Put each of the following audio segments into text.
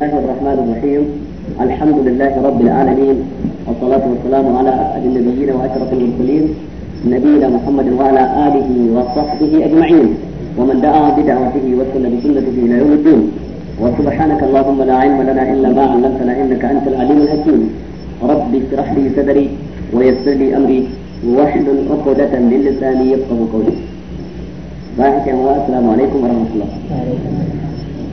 الله الرحمن الرحيم الحمد لله رب العالمين والصلاة والسلام على أسعد النبيين وأشرف المرسلين نبينا محمد وعلى آله وصحبه أجمعين ومن دعا بدعوته وسن بسنته إلى يوم الدين وسبحانك اللهم لا علم لنا إلا ما علمتنا إنك أنت العليم الحكيم رب اشرح لي صدري ويسر لي أمري واحلل عقدة من لساني يفقه قولي. السلام عليكم ورحمة الله.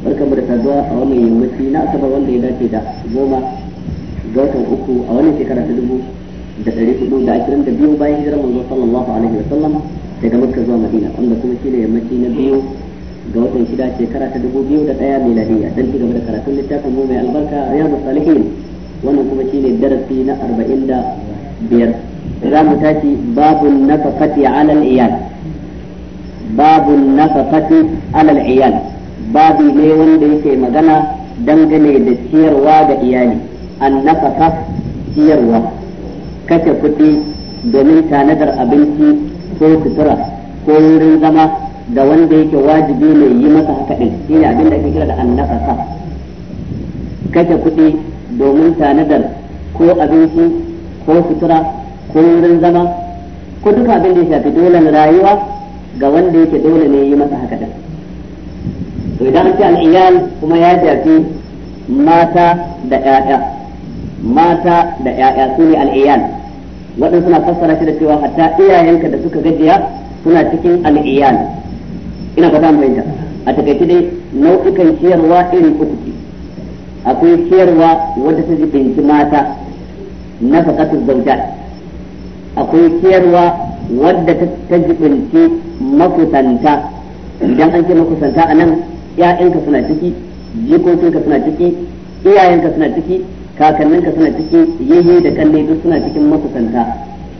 barkamu da saduwa a wannan yammaci na asaba wanda ya dace da goma ga watan uku a wannan shekara ta dubu da ɗari hudu da ashirin da biyu bayan hijirar manzon sallallahu alaihi wa sallam daga makka zuwa madina wanda kuma shi ne yammaci na biyu ga watan shida shekara ta dubu biyu da ɗaya miladiyya dan ci gaba da karatun littafin mu mai albarka riyadu salihin wannan kuma shi ne darasi na arba'in da biyar za mu tashi babun nafaqati alal iyal babun nafaqati alal iyal babu ne wanda yake magana dangane da ciyarwa ga iyali an nafaka ciyarwa kashe kuɗi domin tanadar abinci ko sutura ko wurin zama da wanda yake wajibi ne yi masa haka ɗin shi ne abin da ake kira da an nafaka kashe kuɗi domin tanadar ko abinci ko sutura ko wurin zama ko duka abin da ya shafi dole rayuwa ga wanda yake dole ne yi masa haka ɗin to idan an ce al'iyal kuma ya shafi mata da ƴaƴa mata da ƴaƴa su ne al'iyal waɗansu suna fassara shi da cewa hatta iyayenka da suka gajiya suna cikin al'iyal ina fata mu fahimta a takaice dai nau'ikan ciyarwa irin uku ce akwai ciyarwa wadda ta jibinci mata na faƙatu zauja akwai ciyarwa wadda ta jibinci makusanta idan an ce makusanta a nan ƴaƴanka suna ciki jikokinka suna ciki iyayenka suna ciki kakanninka suna ciki yayye da kalle duk suna cikin makusanta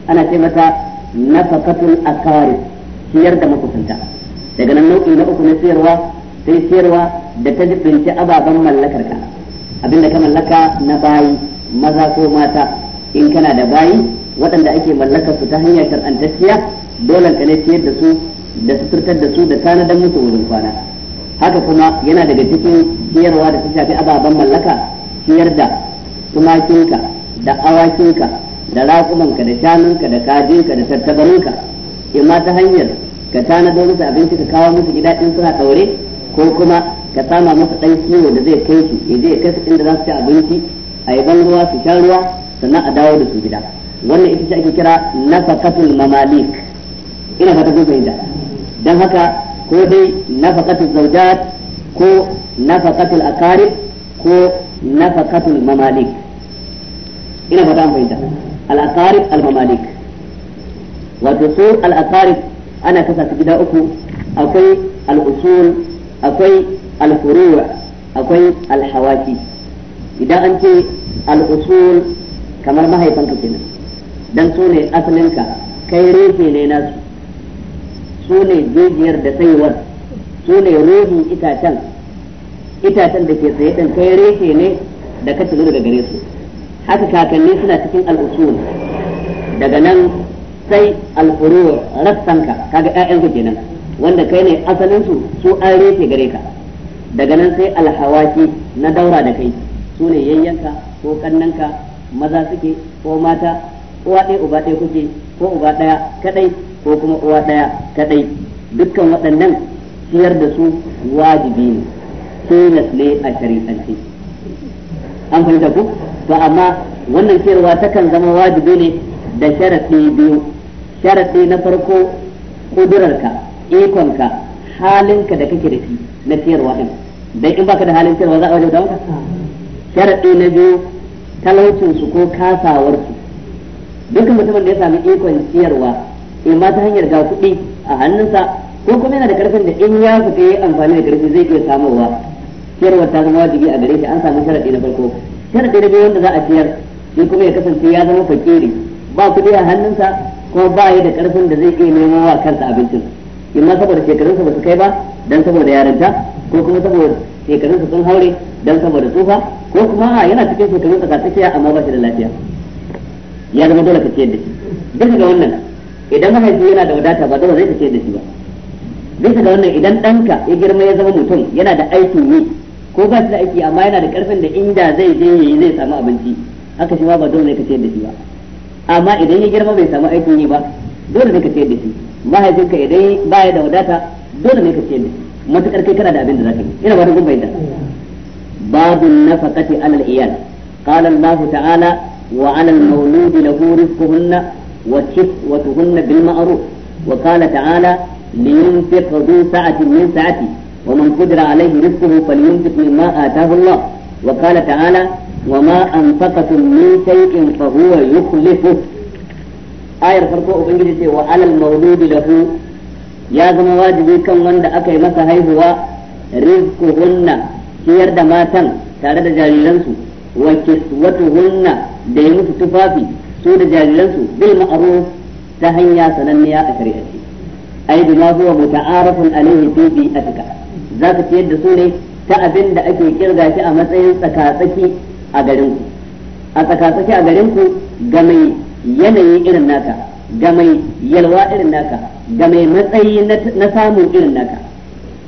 ana ce mata nafakatul akari ciyar da makusanta daga nan nau'i na uku na siyarwa sai siyarwa da ta jibinci ababen mallakarka abinda ka mallaka na bayi maza ko mata in kana da bayi waɗanda ake mallakar su ta hanyar shar'antacciya dole ka ne ciyar da su da suturtar da su da tanadan musu wurin kwana haka kuma yana daga cikin ciyarwa da ta shafi ababen mallaka ciyar da tumakinka da awakinka da raƙumanka da shanunka da kajinka da tattabarinka imma ta hanyar ka tanadar musu abinci ka kawo musu gida in suna ɗaure ko kuma ka sama musu ɗan kiwo da zai kai su ya je kai su inda za su ci abinci a yi ban ruwa su sha ruwa sannan a dawo da su gida wannan ita ce ake kira nafaqatul mamalik ina fata kun fahimta dan haka ko dai nafaqatul zawjat ko nafaqatul aqarib ko nafaqatul mamalik ina fata an fahimta al aqarib al mamalik wato su al aqarib ana kasa su gida uku akwai al usul akwai al furu' akwai al hawaki idan an ce al usul kamar mahaifanka kenan dan su ne asalinka kai rufe ne nasu su ne jijiyar da saiwar su ne itacen itacen da ke tsaye ɗin kai reke ne da ka tsiro daga gare su haka kakanni suna cikin al'usul daga nan sai al'urur rassanka kaga ƴaƴanku kenan wanda kai ne asalin su su an reke gare ka daga nan sai alhawaki na daura da kai su ne yayyanka ko kannanka maza suke ko mata uwa ɗaya uba ɗaya kuke ko uba daya kadai ko kuma uwa daya kadai dukkan waɗannan ciyar da su wajibi ne sunas ne a shari'ance an fahimta ku to amma wannan ciyarwa takan zama wajibi ne da sharaɗi biyu sharaɗi na farko kudurarka ikonka halinka da kake da shi na ciyarwa din dan in baka da halin ciyarwa za a wajen da maka sharaɗi na biyu talaucinsu ko kasawarsu dukkan mutumin da ya sami ikon siyarwa in eh, ma ta hanyar ga kuɗi a hannunsa ko kuma yana da karfin da in ya fita yi amfani da karfi zai iya samowa siyarwa ta zama wajibi a gare shi an samu sharaɗi na farko sharaɗi na biyu wanda za a siyar shi kuma ya kasance ya zama fakiri ba kuɗi a hannunsa ko ba yi da karfin da zai iya nemo wa kansa abincin in ma saboda shekarunsa ba su kai ba dan saboda yarinta ko kuma saboda shekarunsa sun haure dan saboda tsufa ko kuma yana cikin shekarun tsakatsakiya amma ba shi da lafiya ya zama dole ka ciyar da shi bisa ga wannan idan mahaifi yana da wadata ba dole zai ka ciyar da shi ba bisa ga wannan idan ɗanka ya girma ya zama mutum yana da aikin yi ko ba shi da aiki amma yana da ƙarfin da inda zai je yayi zai samu abinci haka shi ma ba dole ka ciyar da shi ba amma idan ya girma bai samu aikin yi ba dole ne ka ciyar da shi mahaifinka idan baya da wadata dole ne ka ciyar da shi matuƙar kai kana da abin da zaka yi ina ba da gumbayin da babu nafaqati alal iyal qala Allah ta'ala وعلى المولود له رزقهن وكسوتهن بالمعروف وقال تعالى لينفق ذو سعة من سعته ومن قدر عليه رزقه فلينفق مما آتاه الله وقال تعالى وما أنفقتم من شيء فهو يخلفه آية فرقوا أبنجي وعلى المولود له يا zama wajibi كم وند أكي yi masa هو رزقهن ciyar da matan جاليلنسو وكسوتهن da ya musu tufafi su da jariransu bil ma'ruf ta hanya sananniya a shari'aci ai bima huwa muta'arafun a fi bi'atika zaka ciyar da su ne ta abin da ake kirga shi a matsayin tsakatsaki a garin ku a tsakatsaki a garin ku ga mai yanayi irin naka ga mai yalwa irin naka ga mai matsayi na samun irin naka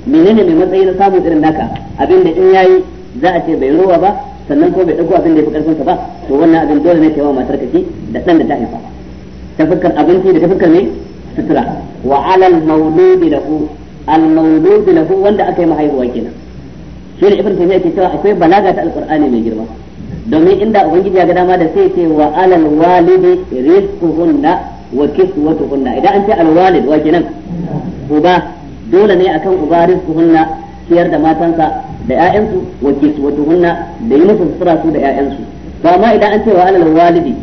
menene mai matsayi na samun irin naka abin da in yayi za a ce bai ruwa ba sannan ko bai dauko abin da ya fi karfin ka ba to wannan abin dole ne kai wa matar ka shi da dan da ta haifa ta fuskar abinci da ta fuskar ne sutura wa alal mauludi lahu al mauludi lahu wanda aka yi mahaihuwa kenan shi ne ibn taymiya ke cewa akwai balaga ta alqur'ani mai girma domin inda ubangiji ya ga dama da sai ce wa alal walidi rizquhunna wa kiswatuhunna idan an ce al walid wa kenan uba dole ne akan uba rizquhunna ciyar da matansa da ƴaƴansu wato hunna da yi musu sutura su da ƴaƴansu ba ma idan an ce wa alal walidi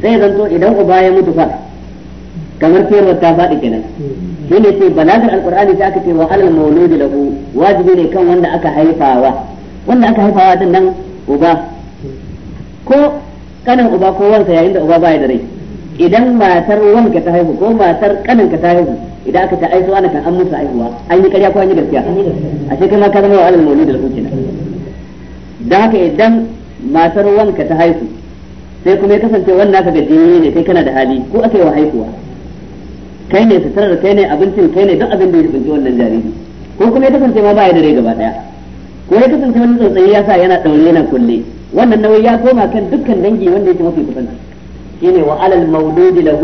sai zanto idan uba ya mutu fa kamar ciyarwar ta faɗi kenan shi ne sai balagar alkur'ani sai aka ce wa alal mauludi lahu wajibi ne kan wanda aka haifawa wanda aka haifawa din nan uba ko kanin uba ko wansa yayin da uba baya da rai idan matar wanka ta haihu ko matar kaninka ta haihu idan aka ta aiso ana kan an musu haihuwa an yi karya ko an yi gaskiya a shekai ma ka zama wa alal maulidi da kuke dan haka idan matar wanka ta haihu sai kuma ya kasance wannan ka gajiye ne kai kana da hali ko aka yi wa haihuwa kai ne suturar kai ne abincin kai ne duk abin da ya binci wannan jariri ko kuma ya kasance ma baya da rai gaba daya ko ya kasance wani tsotsayi ya sa yana daure yana kulle wannan nauyi ya koma kan dukkan dangi wanda yake mafi kusanci شيني وعلى المولود له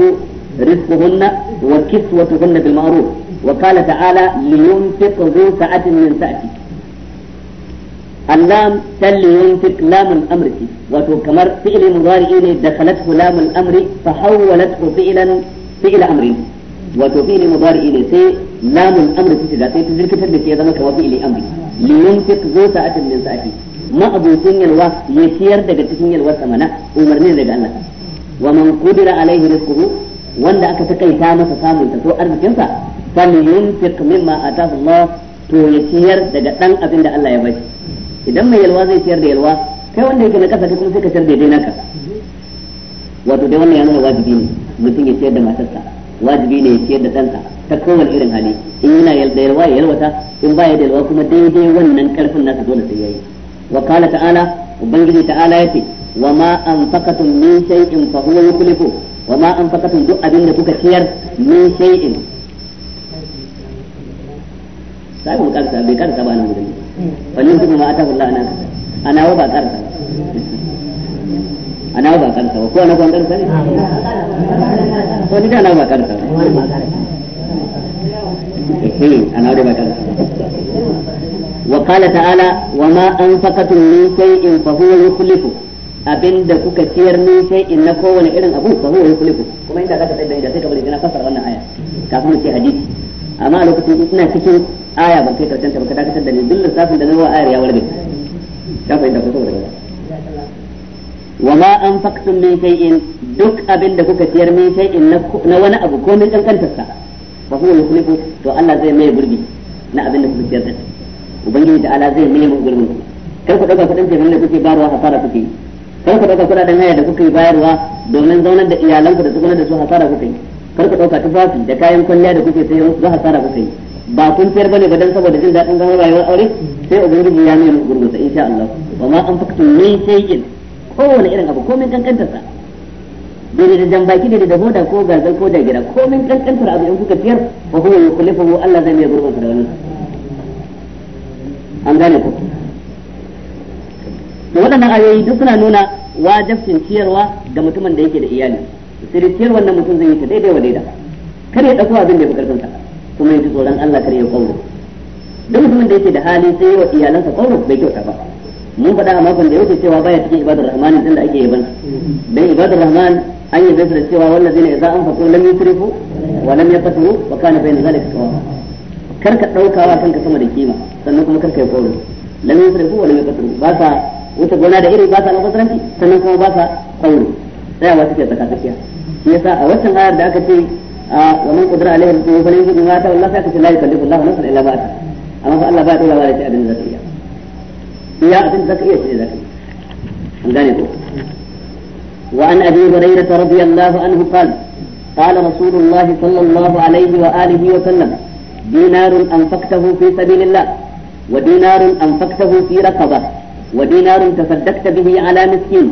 رزقهن وكسوتهن بالمعروف وقال تعالى لينفق ذو سعة من سعتي اللام تل ينفق لام الأمر وتكمر فعل مضارع دخلته لام الأمر فحولته فعلا فعل أمر وتفعل مضارع سي لام الأمر تجاتي تزلك تلك يا ذمك وفعل أمر لينفق ذو سعة من سعتي ما أبو سن الوقت يسير دقى سن الوقت منا ومرنين دقى أنك wa man qudira alaihi rizquhu wanda aka takaita masa samun ta ko arzikin sa falyunfiq mimma atahu Allah to ya ciyar daga dan abin da Allah ya bashi idan mai yalwa zai ciyar da yalwa kai wanda yake na kasa kai kuma sai ka ciyar daidai naka wato dai wannan ya wajibi ne mutum ya ciyar da matarsa wajibi ne ya ciyar da ɗansa ta kowane irin hali in yana yalda yalwa ya yalwata in baya da yalwa kuma daidai wannan karfin nasa dole sai yayi wa qala ta'ala ubangiji ta'ala yace وما أنفقتم من شيء فهو sai mu karsa bai karsa ba nan gudun wannan kuma ma ata min shay'in fa abinda kuka ciyar min sai in na kowane irin abu ba huwa ya yuflihu kuma inda ka tsaya da sai ka bari gina fasara wannan aya kafin mu ce hadisi amma a lokacin ina cikin aya ban kai karshen ta ba ka dakatar da ni duk lissafin da na wa ayar ya warge ka fahimta ko saboda kaza wa ma anfaqtum min shay'in duk abin da kuka ciyar min shay'in na wani abu ko min dan kanta sa ba huwa ya yuflihu to Allah zai mai gurbi na abin da kuka ciyar da ubangiji da Allah zai mai mu gurbin kar ku dauka kudin jami'in da kuke barwa hasara kuke yi kar ku dauka da haya da kuka yi bayarwa domin zaunar da iyalanku da tsugunar da su hasara kuka yi kar ku dauka tufafi da kayan kwalliya da kuke sayo su hasara kuka yi ba kun fiyar bane ba dan saboda jin daɗin zama rayuwar aure sai ubangiji ya nuna muku gurgurta insha Allah wa ma an sai min ko kowane irin abu komai kankanta sa daidai da jan baki daidai da hoda ko gazal ko jagira komai kankantar abu in kuka fiyar wa huwa yukhlifuhu Allah zai mai gurgurta da wannan an gane ku to waɗannan ayoyi duk suna nuna wajibcin ciyarwa ga mutumin da yake da iyali sai da ciyar wannan mutum zai yi ta daidai wa daidai kar ya dauko abin da ya karfin sa kuma ya ji tsoron Allah kar ya kauro duk mutumin da yake da hali sai wa iyalansa kauro bai kyauta ba mun faɗa a makon da yake cewa baya cikin ibadar rahmani tunda ake yi ban dan ibadar rahman an yi zai cewa za an faɗo lam yusrifu wa lam yaqtu wa kana bayna zalika kawo kar ka daukawa kanka sama da kima sannan kuma kar ka yi kauro lam yusrifu wa lam yaqtu ba sa wuce gona da iri ba sa alƙusuranci sannan kuma ba sa kwauri tsayawa take tsaka tsakiya shi yasa a waccan ayar da aka ce a zaman kudura alaihi rasulullah falan yi ma ta Allah sai aka ce la yukallifu Allah nafsan illa ma amma fa Allah ba ya tura wa da shi abin da zaka iya iya abin da zaka iya shi zaka an gane ko وعن ابي هريره رضي الله عنه قال قال رسول الله صلى الله عليه واله وسلم دينار انفقته في سبيل الله ودينار انفقته في رقبه ودينار تصدقت به على مسكين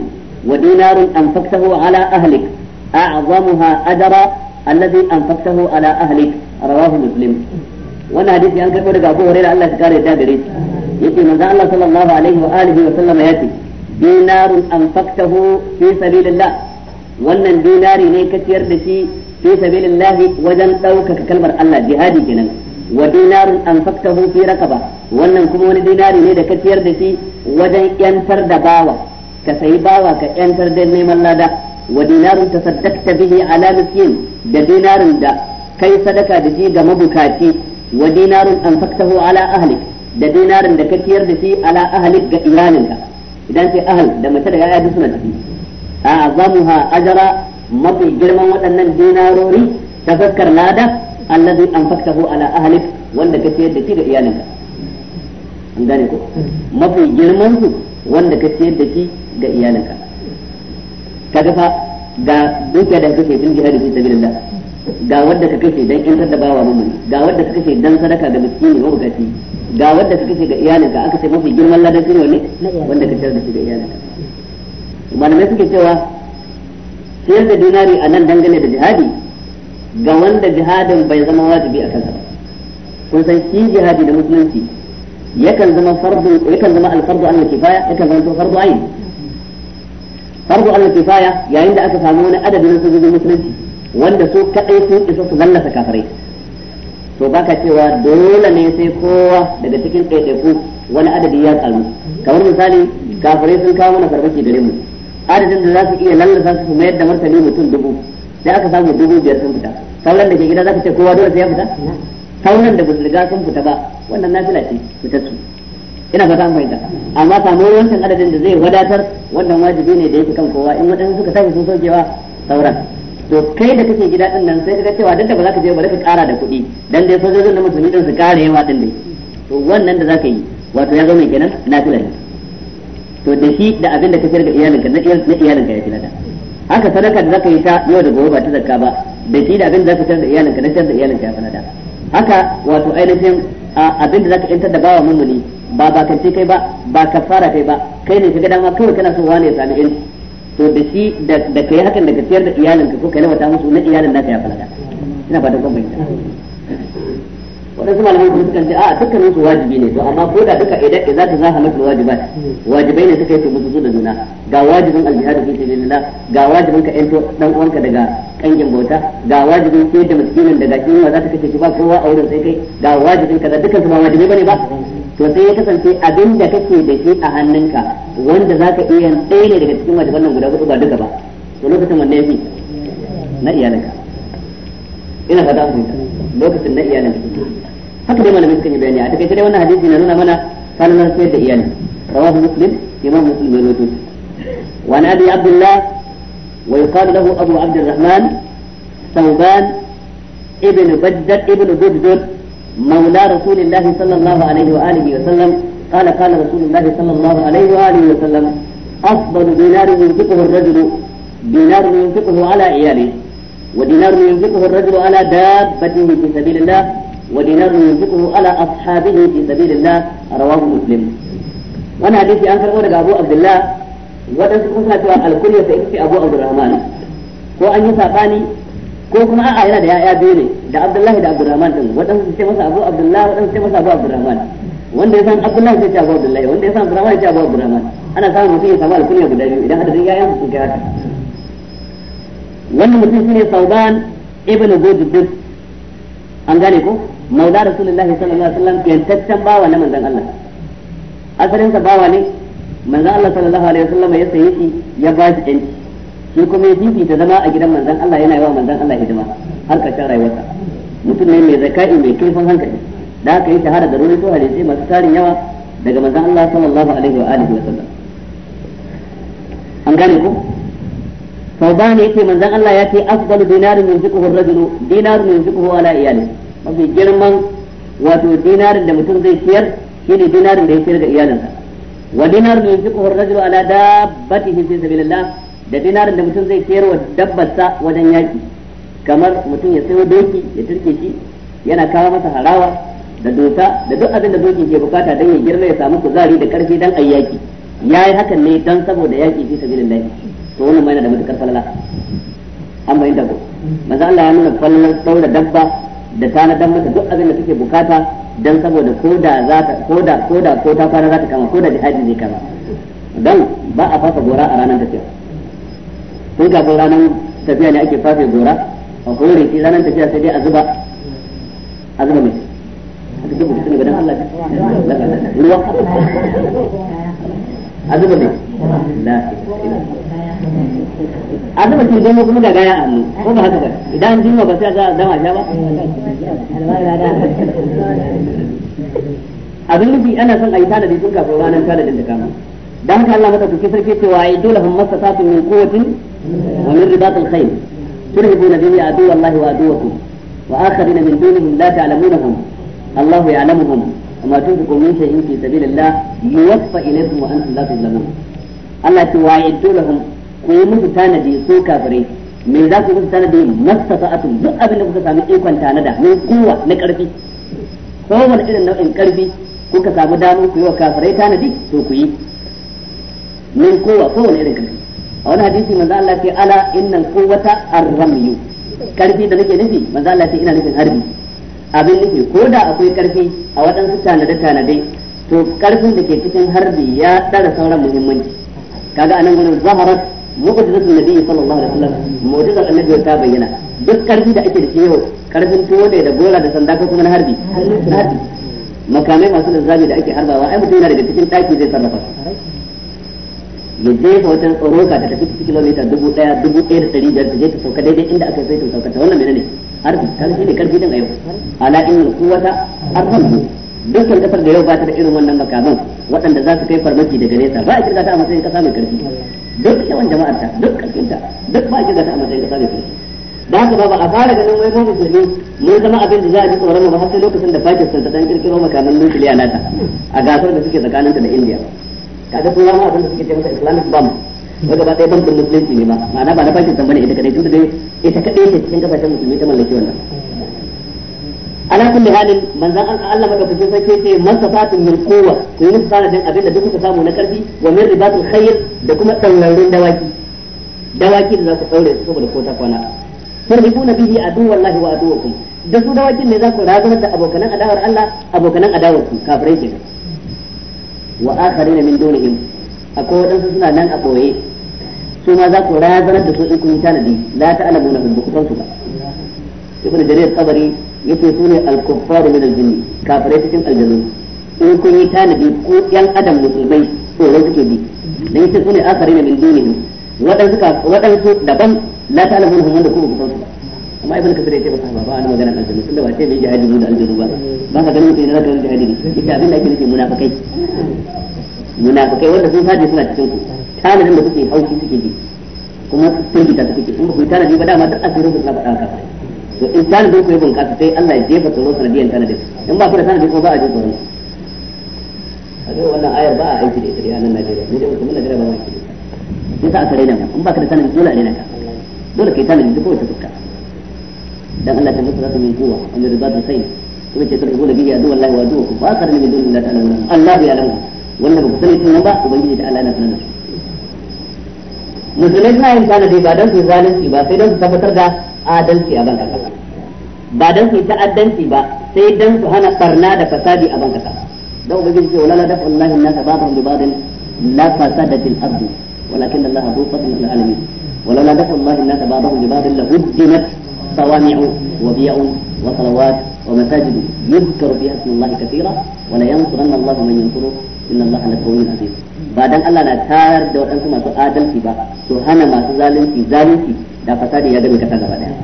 ودينار أنفقته على أهلك أعظمها أجرا الذي أنفقته على أهلك رواه مسلم وانا حديث عن كفر أبو هريرة الله تكاري تابري يتي من الله صلى الله عليه وآله وسلم يأتي دينار أنفقته في سبيل الله wannan dinari ne ka ciyar da shi fi sabilillahi wajen ɗaukaka kalmar Allah jihadi kenan wa dinarun anfaqtahu fi raqaba wannan kuma wani dinari ne da ka ciyar da shi wajen yantar da bawa ka sayi bawa ka yantar da neman lada wa dinarun tasaddaqta bihi ala miskin da dinarin da kai sadaka da shi ga mabukaci wa dinarun anfaqtahu ala ahlik da dinarin da ka ciyar da shi ala ahlik ga iyalinka idan sai ahl da mace da yaya duk suna ciki a azamuha ajra mafi girman waɗannan dinarori ta fakkar lada allazi anfaqtahu ala ahlik wanda ka ciyar da shi ga iyalinka an gane ko mafi girman su wanda ka ciyar da shi ga iyalinka ka fa ga duk da kake sun jihar da shi sabilillah ga wanda ka kashe dan in da bawa mamuni ga wanda ka kashe dan sadaka ga miskini ko bukati ga wanda ka kashe ga iyalinka aka ce mafi girman ladan shi ne wanda ka ciyar da shi ga iyalinka malamai suke cewa ciyar da dinari a nan dangane da jihadi ga wanda jihadin bai zama wajibi a kansa kun san shi jihadi da musulunci yakan zama fardu yakan zama alfardu an kifaya yakan zama fardu ayin fardu an kifaya yayin da aka samu wani adadi na sojojin musulunci wanda su kadai sun isa su lallasa kafirai to baka cewa dole ne sai kowa daga cikin ɗaiɗaiku wani adadi ya karu kamar misali kafirai sun kawo mana farmaki gare mu adadin da za su iya lallasa su mayar da martani mutum dubu sai aka samu dubu biyar sun fita sauran da ke gida za ka ce kowa dole sai ya fita sauran da ba su riga sun fita ba wannan nafila ce fitattu ina fata an fahimta amma samuwar wancan adadin da zai wadatar wannan wajibi ne da yake kan kowa in waɗansu suka tashi sun saukewa sauran to kai da kake gida din nan sai ka cewa duk da ba za ka je ba ka ƙara da kuɗi dan dai sojojin da musulmi din su ƙara yawa din dai to wannan da za ka yi wato ya zama kenan nafila ne to da shi da abin da ka shirga iyalinka na iyalinka ya fi nada haka sadaka da zaka yi ta yau da gobe ba ta zakka ba da shi da abin da zaka shirga iyalinka na da iyalinka ya fi nada haka wato ainihin da zaka yantar da bawa mumuni ba ba kace kai ba ba fara kai ba kai ne kaga dama kawai kana so wani ya sami ilmi to da shi da kai hakan daga tiyar da ka ko kai lawata musu na iyalin ka ya falaka ina ba da kun bayyana wadansu malamai kuma sukan ce a dukkanin su wajibi ne to amma ko da duka idan za ta zaha masu wajibat wajibai ne suka yi su musu da juna ga wajibin aljihad fi sabilillah ga wajibin ka yanto dan uwanka daga kangin bauta ga wajibin ke da miskinin da gashi ne za ta kace shi ba kowa a wurin sai kai ga wajibin kaza dukkan su ba wajibi bane ba to sai ya kasance abin da kake da shi a hannunka wanda za ka iya ɗaya ne daga cikin wajiban nan guda hudu ba duka ba to lokacin wanne yafi na iyalinka ina fata an fahimta lokacin na iyalinka haka dai malamin kan yi bayani a takaice dai wannan hadisi na nuna mana falalar sai da iyali rawahu muslim imam muslim ya rawaito wa nabi abdullah ويقال له أبو عبد الرحمن ثوبان ابن بدر ابن بدر مولى رسول الله صلى الله عليه وآله وسلم قال قال رسول الله صلى الله عليه وآله وسلم أفضل دينار ينفقه الرجل دينار ينفقه على عياله ودينار ينفقه الرجل على دابته في سبيل الله ودينار ينفقه على أصحابه في سبيل الله رواه مسلم وانا حديثي أنكر أبو عبد الله waɗansu kuma suna cewa alkuliyar sai ita ce abu abdurrahman ko an yi saɓani ko kuma a'a yana da ya'ya biyu ne da abdullahi da abdurrahman din waɗansu su ce masa abu abdullahi waɗansu su ce masa abu abdurrahman wanda ya san abdullahi sai ce abu abdullahi wanda ya san abdurrahman sai ce abu abdurrahman ana samun mutum ya samu alkuliyar guda biyu idan adadin ya'ya su kai haka wannan mutum shi ne sauban ibn gududdin an gane ko maula rasulullahi sallallahu alaihi wasallam yantaccen bawa na manzon Allah asalinsa bawa ne manzan Allah sallallahu alaihi wasallam ya sayi shi ya ba shi yanci shi kuma ya fifita zama a gidan manzan Allah yana yawa manzan Allah hidima har karshen rayuwarsa mutum ne mai zakai mai kaifin hankali da aka yi shahara da ko hadisi masu tarin yawa daga manzan Allah sallallahu alaihi wa alihi wasallam an gane ko sauban yake manzan Allah ya ce afdalu dinarin yunfiquhu ar-rajulu dinarin yunfiquhu ala iyali mafi girman wato dinarin da mutum zai shi ne dinarin da ya siyar ga iyalinsa wa dinar yunfiquhu ar-rajulu ala dabbatihi fi sabilillah da dinarin da mutum zai sayar wa dabbarsa wajen yaki kamar mutum ya sayo doki ya turke shi yana kawo masa harawa da doka da duk abin da doki ke bukata don ya girma ya samu kuzari da karfi dan ayi yaki yayi hakan ne dan saboda yaki fi sabilillah to wannan ma da matukar falala an bayyana ko manzo Allah ya nuna fallan daura dabba da tanadan mata duk abin da take bukata dan saboda ko da za ta ko da ko da ko ta fara za ta kama ko da jihadi zai kama dan ba a fasa gora a ranar tafiya ga kafin ranar tafiya ne ake fasa gora a kore shi ranar tafiya sai dai a zuba a zuba mai haka ga dan Allah ruwa azuba ne la azuba ce gano kuma ga gaya allo ko ba haka ba idan jin ba sai ga dama ja ba abin nufi ana son ayi tanadi tun kafin ranar tanadin da kama dan haka Allah kuke sarki cewa ai dole hum masasatu min quwwatin wa min ribatil khayl turhibuna bihi adu wallahi wa aduwakum wa akharina min dunihim la ta'lamunahum Allahu ya'lamuhum وما تنفقوا من شيء في سبيل الله يوفى إليكم وأنتم لا تظلمون الله توعدوا لهم قيموا تانجي سو كافرين me za ku kusa tanadi mastasa'atun duk abin da kuka sami ikon tanada min kowa na karfi kowane irin nau'in karfi kuka samu damar ku yi wa kafirai tanadi to ku yi min kowa kowane irin karfi a wani hadisi manzo Allah ya ce ala innan quwwata ar-ramyu karfi da nake nufi manzo Allah ya ce ina nufin harbi abin nufi ko da akwai karfi a waɗansu tanade-tanade to karfin da ke cikin harbi ya tsara sauran muhimmanci kaga anan gurin zaharat zafin nabi sallallahu alaihi wasallam mu'jizar annabi ta bayyana duk karfi da ake da shi yau karfin tuwo da da gora da sanda ko kuma na harbi na harbi makamai masu zabi da ake harbawa ai mutum yana daga cikin daki zai sarrafa ya jefa wata tsoroka da tafi kilomita dubu ɗaya dubu ɗaya da ɗari biyar ta je ta sauka daidai inda aka yi sai ta sauka ta wannan menene ne arziki kaga shine karfi din a yau ala innal quwwata arhamu dukkan kasar da yau ba ta da irin wannan makaman waɗanda za su kai farmaki daga nesa ba a kirga ta a matsayin kasa mai karfi duk yawan jama'ar ta duk karfin ta duk ba a kirga ta a matsayin kasa mai karfi da haka ba ba a fara ganin wai mu musulmi mun zama abin da za a ji tsoron ba har sai lokacin da Pakistan ta dan kirkiro makaman nukiliya nata a gasar da suke tsakaninta da India kaga sun zama abin da suke ce masa Islamic bomb na gaba ɗaya bankin musulunci ne ba ma'ana ba na bankin san bane ita kadai tunda dai ita kadai ce cikin kasashen musulmi ta mallaki wannan ala kulli halin an Allah madaukakin sarki ce masafatun min kowa ku yi sanadin abin da duk kuka samu na karfi wa min ribatul khair da kuma tsallarin dawaki dawaki da za ku daure su saboda ko ta kwana turhibuna bihi adu wallahi wa aduwakum da su dawakin ne za ku razanar da abokanan adawar Allah abokanan adawar ku kafirai ke wa akharina min dunihim akwai wadansu suna nan a boye su ma za ku razanar da su in kun tanadi la ta'lamu lahum ba ku san su ba ibn jarir qabari yace su ne al-kuffar min al-jinni kafare cikin aljannu in kun yi tanadi ko yan adam musulmai tsoro suke bi dan yace su ne akari na min wadansu ka waɗansu daban la ta'lamu lahum na ku ba ku san su ba amma ibn kasir yace ba sa ba ana magana aljannu tunda ba ce mai jihadi mu da aljannu ba ba ka ganin mutum yana kan jihadi ne yace abin da ake nufi munafikai munafikai wanda sun saje suna cikin ku tanadin da kuke haushi suke kuma firgita kuke in ba tanadi ba dama duk asirin faɗa to in tanadin ku bunƙasa sai Allah ya jefa tsoron tanadin in ba ku da tanadin ba a jin tsoron a ga wannan ayar ba a aiki da ita a nan Najeriya ne Najeriya ba ma ke mu in ba ka da tanadin dole a raina dole kai tanadin duk wata fuska ta wanda da sai kuma ce duwallahi wa Allah ya lamu wannan ba ku da Allah na sanar su musulmai suna yin tanadi ba don su zalunci ba sai don su tabbatar da adalci a banka kasa ba don su ta'addanci ba sai don su hana barna da fasadi a banka kasa da ubangiji ce wala dafa Allah inna sababahum bi ba'din la fasadatil ardi walakin Allah hu fadlul lil alamin wala dafa Allah inna sababahum bi ba'din la huddimat صوامع وبيع وصلوات ومساجد يذكر فيها اسم الله كثيرا ولا ينصرن الله من ينصره ان الله لقوي عزيز ba dan Allah na tayar da waɗansu masu adalci ba to hana masu zalunci zalunci da fasadi ya gami kasa gaba daya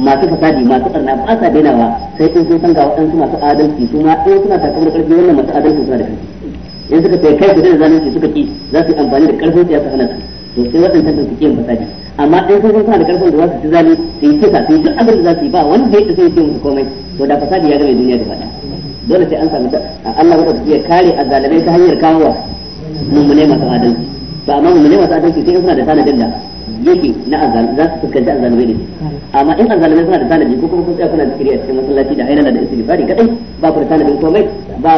masu fasadi masu karna ba sa dainawa sai in sun sanga waɗansu masu adalci su ma in suna takamar karfi wannan masu adalci suna da karfi in suka ce kai su da zalunci suka ki za su yi amfani da karfin siyasa hana su to sai waɗancan su ke fasadi amma in sun suna da karfin da za su ci zali su yi kisa su yi duk abin da za su yi ba da ya sai ya musu komai to da fasadi ya gami duniya da faɗa dole sai an samu Allah ya kare azalimai ta hanyar kawowa mummune masu adalci ba amma mummune masu adalci sai suna da tanadin da yake na azal za su fuskanci azalmai ne amma in azalmai suna da tanadi ko kuma kun tsaya kuna zikiri a cikin masallaci da ainihin da istighfari kadai ba ku da tanadin komai ba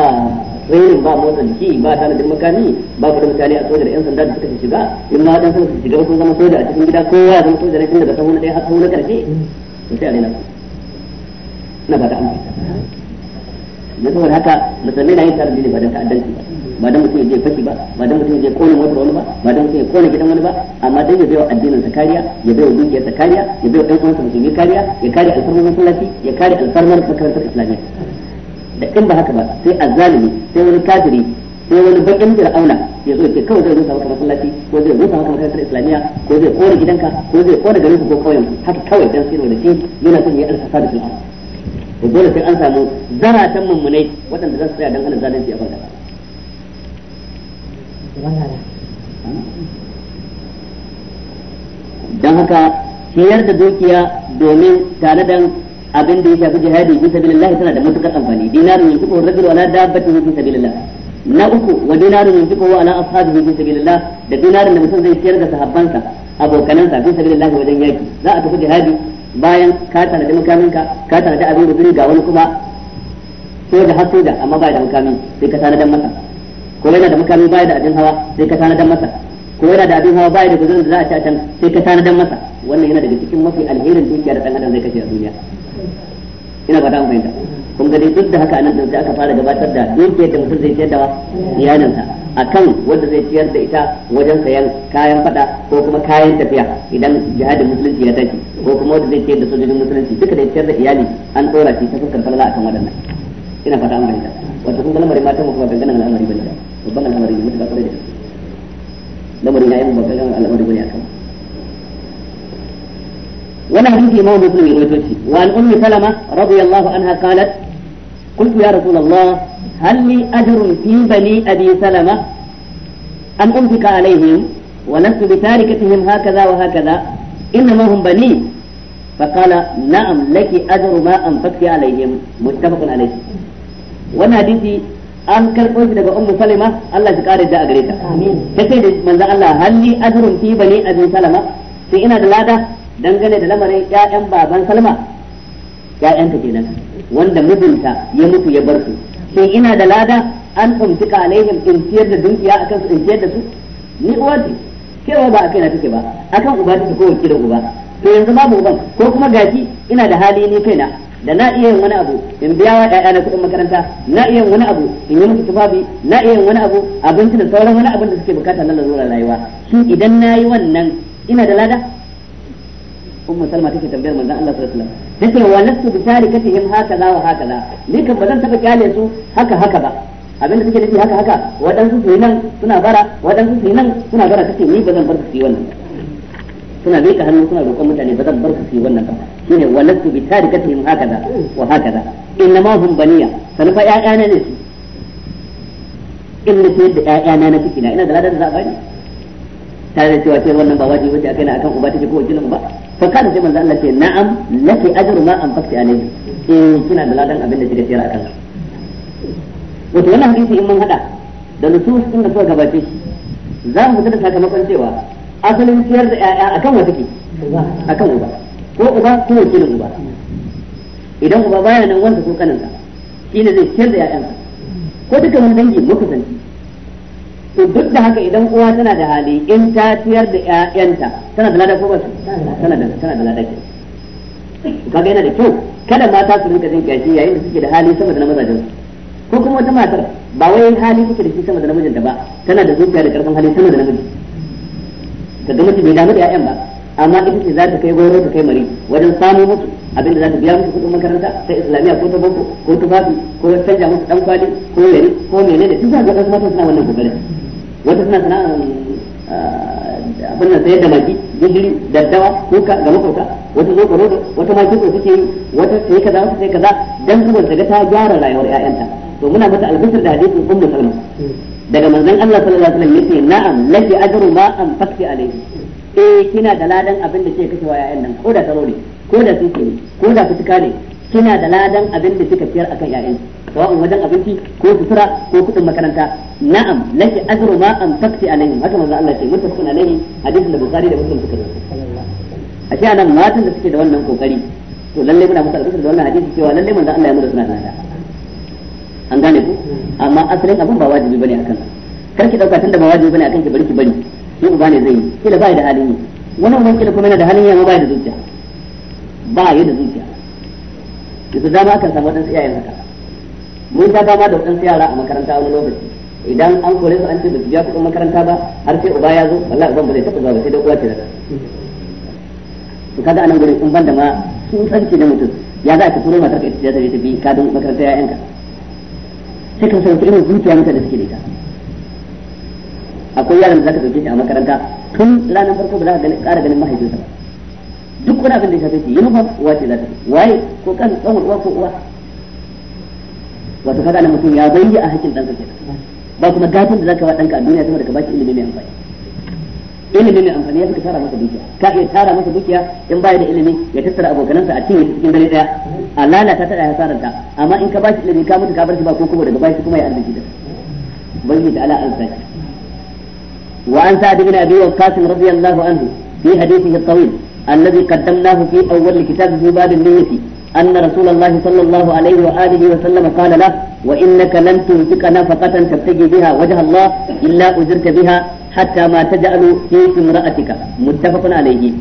rairin ba motsa jiki ba tanadin makami ba ku da mutane a soja da yan sanda da suka shiga in ma wadansu suka shiga sun zama soja a cikin gida kowa ya zama soja ne tun daga sahu na ɗaya har sahu na ƙarshe to sai a daina na ba da amma na saboda haka musulmi na yin tarbiyya ba da ta'addanci ba ba dan mutum ya je fashi ba ba dan mutum ya kona wata wani ba ba dan mutum ya kona gidan wani ba amma dan ya bai wa addinin sa kariya ya bai wa dukiyar sa kariya ya bai wa ɗan uwansa musulmi kariya ya kare alfarmar masallaci ya kare alfarmar makarantar islamiyya da in ba haka ba sai azzalimi sai wani kafiri sai wani bakin fir'auna ya zo ce kawai zai rusa maka masallaci ko zai rusa maka makarantar islamiyya ko zai kore gidanka ko zai kore garin ko kauyen haka kawai dan sai wani shi yana son ya alfasa da fir'auna dole sai an samu zaratan mummunai waɗanda za su tsaya dan hana zalunci a banka don haka ciyar da dukiya domin tare da abin da ya shafi jihadi fi sabilillah tana da matukar amfani dinarun yunfiqu rajulu ala dabbatihi bi sabilillah na uku wa dinarun yunfiqu ala ashabihi bi sabilillah da dinarin da mutum zai ciyar da sahabbansa abokanansa fi sabilillah wajen yaki za a tafi jihadi bayan ka da makaminka ka da abin da ga wani kuma soja har soja amma ba da makamin sai ka da masa ko yana da makami baya da abin hawa sai ka tanadar masa ko yana da abin hawa baya da gudun da za a ci a can sai ka tanadar masa wannan yana daga cikin mafi alherin dukiya da dan adam zai kashe a duniya ina ta amfani da kun ga dai duk da haka anan sai aka fara gabatar da dukiyar da mutum zai ciyar da iyalinsa akan wanda zai ciyar da ita wajen sayan kayan fada ko kuma kayan tafiya idan jihadin musulunci ya tashi ko kuma wanda zai ciyar da sojojin musulunci duka da ciyar da iyali an dora shi ta fuskar falala akan waɗannan ina fata amfani da. wanda kun ga lamarin mata mu kuma ganganan al'amari bane babban al'amari ne mutuka kwarai da gaske lamarin yayin ba ganganan al'amari bane akan wannan hadisi imamu muslim ya rawaito shi wa an ummi salama radiyallahu anha qalat قلت يا رسول الله هل لي أجر في بني أبي سلمة أم أمسك عليهم ولست بتاركتهم هكذا وهكذا إنما هم بني فقال نعم لك أجر ما أنفقت عليهم متفق عليه wannan hadisi an karɓo shi daga ummu salama Allah ya kare da a gare ta kace da manzon Allah halli azrun fi bani abin salama sai ina da lada dangane da lamarin ya'yan baban salama ƴaƴanta kenan wanda mijinta ya mutu ya bar su sai ina da lada an umtika alaihim in ciyar da dukiya akan su in ciyar da su ni uwa ce cewa ba a kaina take ba akan uba take ko wakilin uba to yanzu babu uban ko kuma gashi ina da hali ni kaina da na iya yin wani abu in biya wa ɗaya na kuɗin makaranta na iya yin wani abu in yi musu tufafi na iya yin wani abu abinci da sauran wani abin da suke bukata na lalura rayuwa shin idan na yi wannan ina da lada ummu salma take tambayar manzon Allah sallallahu alaihi wasallam take wa lastu bi tarikatihim la wa la ni kan bazan taba kyale su haka haka ba abinda suke nufi haka haka waɗansu su yi nan suna bara waɗansu su yi nan suna bara take ni bazan bar su yi wannan suna bai ka hannu suna roƙon mutane bazan bar su yi wannan ba shine walastu bi tarikatihim hakaza wa hakaza innama hum baniya sanin fa na ne su in na sayar da ƴaƴana na cikina ina da ladan da za ne tare da cewa ce wannan ba wajibi bace akai na akan uba take ko wajen ba fa kana sai manzo Allah ce na'am laki ajru ma fakti alayhi eh kina da ladan abin da kika sayar akan wato wannan hadisi in mun hada da nusus din da suka gabace shi za mu fitar da sakamakon cewa asalin ciyar da ƴaƴa akan wa take akan uba ko uba ko wakilin uba idan uba baya nan wanda ko ka shi ne zai ciyar da ƴaƴansa ko duka wani dangi muka makusanci to duk da haka idan uwa tana da hali in ta ciyar da ƴaƴanta tana da lada ko ba tana da tana da lada kaga yana da kyau kada mata su rinka jin kyashi yayin da suke da hali sama da na ko kuma wata matar ba wai hali suke da shi sama da namijinta ba tana da zuciya da karfin hali sama da namiji ka ga mutum bai damu da ƴaƴan ba amma ita ce za ta kai goro ta kai mari wajen samu musu abin da za ta biya musu kudin makaranta ta islamiyya ko ta boko ko ta babu ko ta canja musu dan kwali ko yari ko menene duk za ka ga mata suna wannan gobe wata suna sana'a ah, abin nan sayar da maki gishiri daddawa kuka ga makauta wata zo karo wata ma kiko suke yi wata sai kaza wata sai kaza dan zuwa daga ta gyara rayuwar ƴaƴanta to muna mata albishir da hadisin ummu salma hmm. daga manzon Allah sallallahu alaihi wasallam yace na'am laki ajru ma an fakti alaihi eh kina da ladan abin da ke kashewa yayan nan ko da taro ne ko da suke ne ko da fitika ne kina da ladan abin da suka fiyar akan yayan sawa'un wajen abinci ko sutura ko kudin makaranta na'am laki azru ma an takti alaihim haka manzo Allah ce muttafaqun alaihi hadisin da bukhari da muslim suka a ce anan matan da suke da wannan kokari to lalle muna musu alƙasar da wannan hadisi cewa lalle manzo Allah ya mutu suna nada an gane ku amma asalin abin ba wajibi bane akan ka ki dauka tunda ba wajibi bane akan ki bari ki bari ne uba ne zai kila ba da halin yi wani uban kila kuma yana da halin yi amma bai da zuciya ba ya da zuciya yanzu dama aka samu wadansu iyayen haka mun ta dama da wadansu yara a makaranta wani lokaci idan an kore su an ce ba su biya kuɗin makaranta ba har sai uba ya zo wallahi uban ba zai taɓa zuwa ba sai dai uwa ce da to kaga anan gurin in ban da ma su tsanci da mutum ya za ka kuro matar ka ita ta ta bi kadin makaranta ya yanka sai ka sauke irin zuciya mutane da suke da ita akwai yaran da zaka dauke shi a makaranta tun ranar farko ba za ka ƙara ganin mahaifinsa ba duk wani abin da ya shafe shi uniform uwa ce za ta waye ko kan tsawon uwa ko uwa wato kaga nan mutum ya bayyana a hakkin ɗansa kenan ba kuma gatin da zaka wa ɗanka a duniya sama da ka shi ilimi mai amfani ilimi mai amfani ya fi tara masa dukiya ka iya tara masa dukiya in baya da ilimi ya tattara abokanansa a cinye cikin dare daya a lalata ta da ta amma in ka bashi ilimi ka mutu ka bar shi ba ko kuma daga bashi kuma ya arziki da ubangiji ta ala arziki وعن سعد بن أبي وقاص رضي الله عنه في حديثه الطويل الذي قدمناه في أول الكتاب في باب النية أن رسول الله صلى الله عليه وآله وسلم قال له وإنك لن تنفق نفقة تبتغي بها وجه الله إلا أجرت بها حتى ما تجعل في امرأتك متفق عليه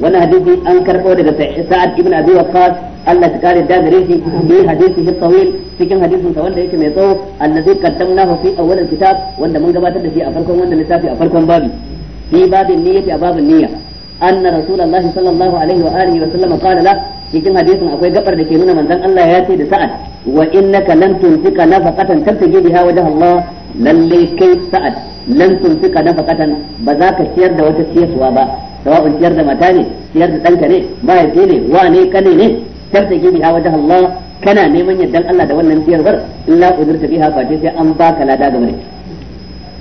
وانا حديثي أنكر أولد سعد بن أبي وقاص Allah ta kare da gare shi bi hadisi shi tawil cikin hadisin sa wanda yake mai tsawo allazi qaddamnahu fi awwal wanda mun gabatar da shi a farkon wannan littafi a farkon babi fi babin niyyati a babin niyya anna rasulullahi sallallahu alaihi wa alihi wa sallam qala la cikin hadisin akwai gabar da ke nuna manzon Allah ya ce da sa'ad wa innaka lan tunfika nafaqatan tabtaji biha wajha Allah lalle kai sa'ad lan tunfika nafaqatan ba za ka ciyar da wata ciyarwa ba sawa'un ciyar da mata ne ciyar da danka ne mahaifi ne wane kane ne tabtaki a wajen Allah kana neman yardan Allah da wannan la illa udurta biha fa sai an baka lada ga mai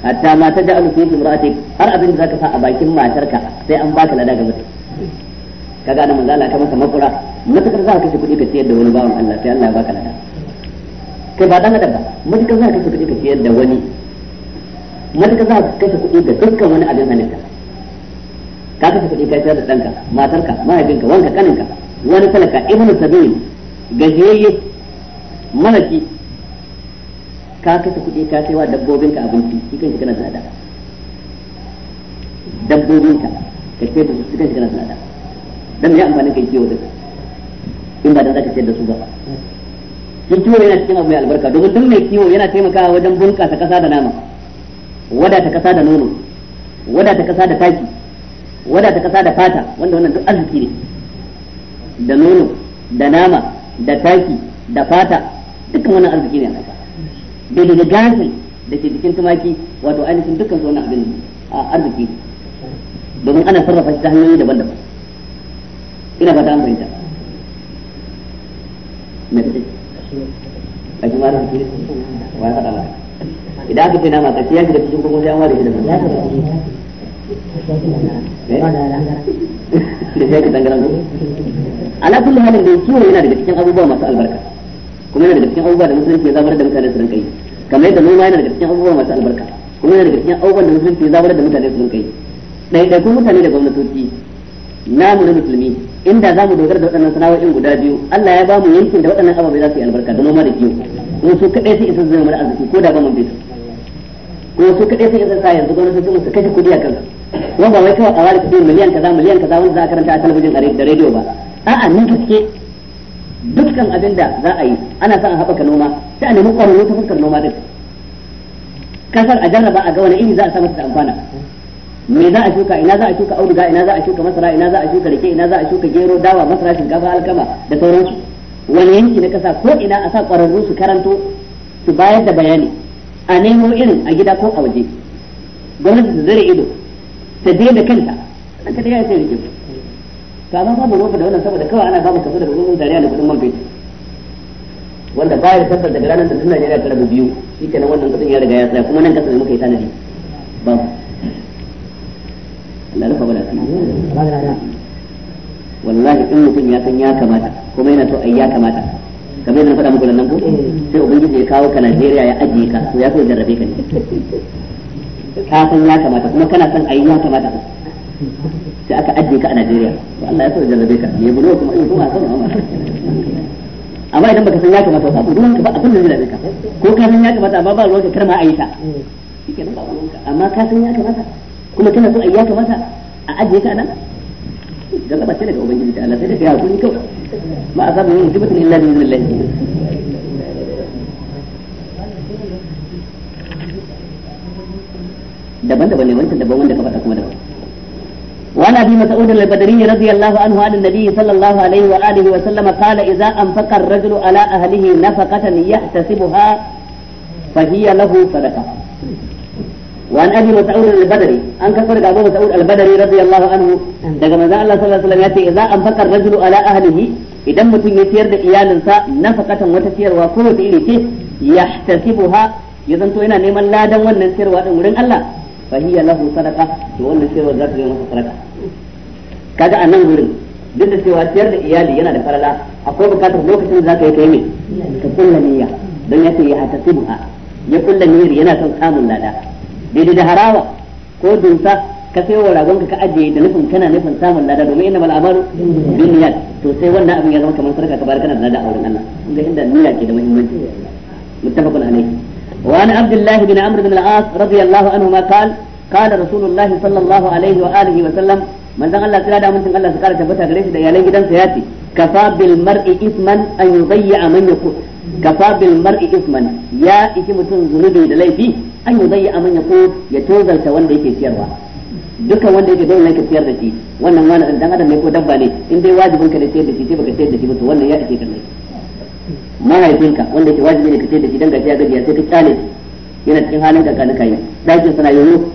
hatta ma ta ja'alu fi imratik har abin da zaka sa a bakin matarka sai an baka lada ga mai kaga gane manzo Allah ka masa makura mutakar za ka kashe kuɗi ka ciyar da wani bawan Allah sai Allah ya baka lada kai ba dan adam ba mutakar za ka kashe kuɗi ka ciyar da wani mutakar za ka kashe kuɗi ga dukkan wani abin halitta. ka kashe kuɗi ka ciyar da danka matarka mahaifinka wanka kaninka wani talaka ibnu sabil gajiyayye malaki ka kasa kuɗi ka kai wa dabbobinka abinci shi kanka kana tsada dabbobinka ka kai da su shi kanka kana tsada dan ya amfani kai kiwo duka in ba dan zaka kai da su ba shi kiwo yana cikin abu mai albarka domin duk mai kiwo yana taimakawa wajen bunƙasa ƙasa da nama wadata ƙasa da nono wadata ƙasa da taki wadata ƙasa da fata wanda wannan duk arziki ne da nono da nama da taki da fata dukkan wannan arziki ne Allah da daga gasin da ke cikin tumaki wato ainihin dukkan su wannan abin arziki domin ana sarrafa shi ta hanyoyi daban-daban ina fata an fahimta me kace a ji mara ne wa ya faɗa idan aka ce nama kashi ya shiga cikin kuma sai an ware shi da eh? ba ba sai ki dangana ku ala kulli halin da kiwo yana daga cikin abubuwa masu albarka kuma yana daga cikin abubuwa da musulunci ya zabar da mutane su rinka yi kamar yadda noma yana daga cikin abubuwa masu albarka kuma yana daga cikin abubuwan da musulunci ya zabar da mutane su rinka yi ɗaiɗaikun mutane da gwamnatoci namu na musulmi inda za mu dogara da waɗannan sana'o'in guda biyu Allah ya ba mu yankin da waɗannan ababe za su yi albarka da noma da kiwo kuma su kaɗai sai isa zama mara arziki ko da ba mun bi ko su kaɗai sai isa sa yanzu gwamnatoci mu su kashe kuɗi a kansa wanda ba wai kawai a ware kuɗi miliyan kaza miliyan kaza wanda za a karanta a talabijin da rediyo ba a'a nan gaske dukkan abin da za a yi ana son a haɓaka noma sai a nemi ƙwararru ta fuskar noma din kasar a jarraba a ga wani iri za a samar da amfana me za a shuka ina za a shuka auduga ina za a shuka masara ina za a shuka rake ina za a shuka gero dawa masara shinkafa alkama da sauransu wani yanki na kasa ko ina a sa ƙwararru su karanto su bayar da bayani a nemo irin a gida ko a waje gwamnati da zare ido ta biye da kanta nan kada ya sai rike ba amma babu ruwa da wannan saboda kawai ana babu kaso daga gurin dariya da gurin man fetur wanda bayar kasar daga ranar da tun Najeriya ta rabu biyu shi kenan wannan kudin ya riga ya tsaya kuma nan kasar muka yi tanadi babu Allah rufa bala wallahi in mutum ya san ya kamata kuma yana to ai ya kamata kamar yadda na faɗa muku nan ko eh. sai ubangiji ya kawo ka Najeriya ya ajiye ka to ya so jarrabe ka ne ka san ya kamata kuma kana san ayi ya kamata sai aka ajiye ka a Najeriya to Allah ya so jarrabe ka me bulo kuma in kuma san amma amma idan baka san ya kamata ba ku ruwan ka ba abin da zai rabe ka ko ka san ya kamata amma ba ruwa ka karma ayi ta nan ba ruwan ka amma ka san ya kamata kuma kana son ayi ya kamata a ajiye ka nan jarraba ce daga ubangiji ta Allah sai ka ya hakuri kawai ma asabu min musibatin illa bi daban-daban ne wancan daban wanda ka faɗa kuma وعن ابي مسعود البدري رضي الله عنه عن النبي صلى الله عليه واله وسلم قال اذا انفق الرجل على اهله نفقه يحتسبها فهي له صدقه. وعن ابي مسعود البدري ان كفر ابو مسعود البدري رضي الله عنه daga manzo Allah sallallahu alaihi wasallam yace idan anfaqa ar ahlihi idan mutum ya ciyar da iyalinsa nafaqatan wata ciyarwa ko wata iri ce yahtasibuha ya zanto yana neman ladan wannan ciyarwa din wurin Allah fa hiya lahu sadaqa to wannan ciyarwa za zai zama masa sadaqa kaga a nan gurin duk da cewa ciyar da iyali yana da farala akwai bukatar lokacin da za ka yi kai me ka kulla niyya don ya ce ya hatasibuha ya kulla niyyar yana son samun lada daidai da harawa ko dusa ka sayo wa ragon ka ajiye da nufin kana nufin samun lada domin inna mal amalu bin niyyat to sai wannan abin ya zama kamar sarka ka bar kana da lada a wurin Allah kun inda niyya ke da muhimmanci muttafaqun alayhi وعن عبد الله بن عمرو بن العاص رضي الله عنهما قال قال رسول الله صلى الله عليه وآله وسلم من ذا الله تعالى من الله تعالى تبتا غريش دا يالين جدا سياتي كفى بالمرء إثما أن يضيع من يقول كفى بالمرء إثما يا إثم ذنوبي دا ليفي أن يضيع من يقول يتوزل توان بيكي سيروا duka wanda yake dole ka siyar da shi wannan wani dan adam ne ko dabba ne in dai wajibin ka da siyar da shi sai baka siyar da shi ba to wannan ya ake kallai mahaifinka wanda ke wajibi ne ka ce da shi dan gashi ya gaji sai ka kyale yana cikin halin ka kana kai dakin sana yoyo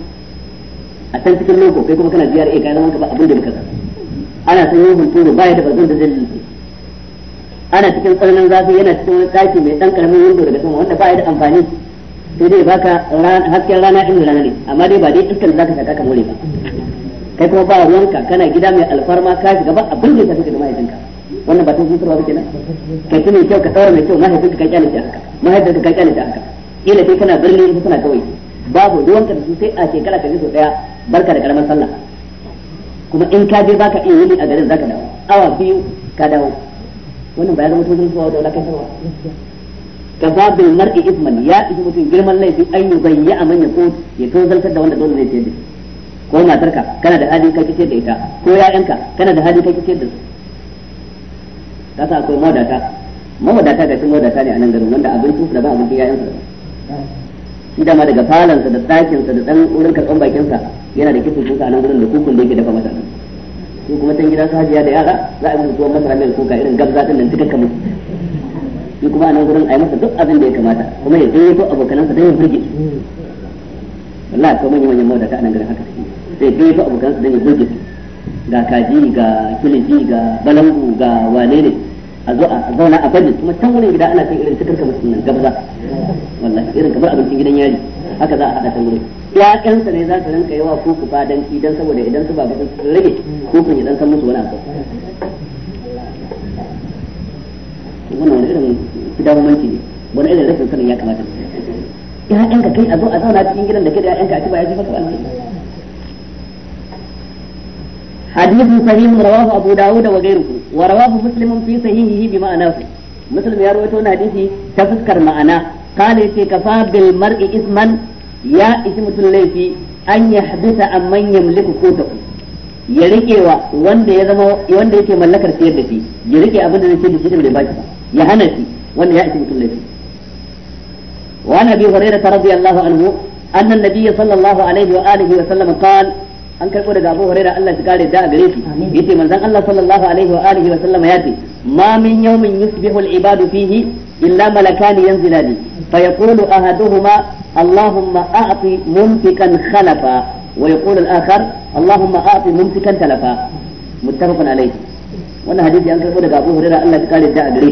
a can cikin loko kai kuma kana ziyar eh kana wanka ba abin da baka san ana san yohun turo baya da bazan da zai lalace ana cikin tsananin zafi yana cikin wani daki mai dan karamin windo daga sama wanda baya da amfani sai dai baka hasken rana in rana ne amma dai ba dai iskar da zaka shaka ka more ba kai kuma ba ruwanka kana gida mai alfarma ka shiga ba abin da ya tafi da mahaifinka wannan ba ta cutarwa ba kenan ka tuni kyau ka tsara mai kyau mahaifin ka kyale ta haka mahaifin ka kyale ta haka kila sai kana birni ko kana kawai babu ruwan ka su sai a shekara ka ji so daya barka da karaman sallah kuma in ka je baka iya yini a garin zaka dawo awa biyu ka dawo wannan ba ya zama tozon kowa da wadatarwa ka bil mar'i isman ya isi mutum girman laifi an yi bayyi a manyan ko ya tozaltar da wanda dole zai ce ko matarka kana da hali ka kike da ita ko ya'yanka kana da hali ka kike da su ka sa akwai mawadata mawadata ga cikin mawadata ne a nan garin wanda abincin su daban abincin yayan su daban shi dama daga falansa da ɗakinsa da ɗan wurin karɓan bakinsa yana da kifin kuka a nan gurin da kukun da yake dafa masa nan ko kuma can gidan hajiya da yara za a yi musu tuwon masara mai kuka irin gabza din nan tukakka musu shi kuma a nan gurin a yi masa duk abin da ya kamata kuma ya gayyato abokanansa don ya burge su wallahi ko manyan manyan mawadata a nan garin haka sai gayyato abokanansa don ya burge ga kaji ga kilishi ga balangu ga wane ne a zo a zauna a bajin kuma can wani gida ana cin irin sukar kamar sunan gabza wallahi irin kamar abincin gidan yari haka za a hada ta wurin ƴaƴansa ne za su rinka yawa ko ku fadan dan saboda idan su ba ba su rage ko kun dan san musu wani abu wannan wani irin fidamanci ne wani irin rashin sanin ya kamata ƴaƴanka kai a zo a zauna cikin gidan da kai da ƴaƴanka a ci ba ya ji maka alheri حديث صحيح رواه أبو داود وغيره ورواه مسلم في صحيحه بمعناه مسلم يروي تون حديثي تفسكر معنا قال كفى بالمرء إثما يا إثم الليفي أن يحدث عن من يملك قوته ya rike wa wanda ya zama wanda yake mallakar siyar da shi ya rike abin da zai da shi ya hana shi wanda ya isa mutum laifi wa nabi hurairah radiyallahu an sallallahu alaihi an karbo daga Abu Hurairah Allah ya kare da gare shi yace manzon Allah sallallahu alaihi wa alihi wa sallama yace ma min yawmin yusbihu al-ibadu fihi illa malakani yanzilani فيقول أحدهما اللهم أعط ممسكا خلفا ويقول الآخر اللهم أعط ممسكا تلفا متفق عليه wannan hadisi an karbo daga Abu Hurairah Allah ya kare da gare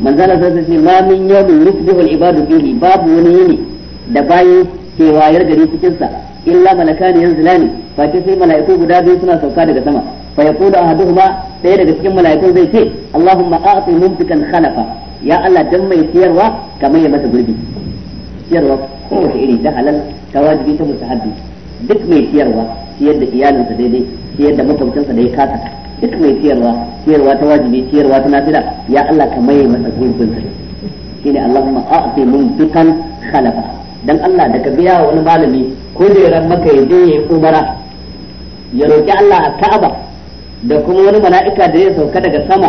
man zala sai sai ma min yawmin yusbihu al-ibadu fihi babu wani yini da bayi ke wayar gari cikin sa illa malakani yanzilani fa ce sai malaiku guda biyu suna sauka daga sama fa yaqulu ahaduhuma sai daga cikin malaikun zai ce Allahumma a'ti mumtikan khalafa ya Allah dan mai siyarwa kamar ya masa gurbi siyarwa kowace iri ta halal ta wajibi ta mustahabbi duk mai siyarwa siyar da iyalinsa daidai siyar da makwabcinsa da ya kasa duk mai siyarwa siyarwa ta wajibi siyarwa ta nafila ya Allah kamar ya masa gurbin sa shine Allahumma a'ti mumtikan khalafa dan Allah da ka biya wa wani malami ko da ran maka ya je ya yi umara ya roki Allah a Ka'aba da kuma wani mala'ika da ya sauka daga sama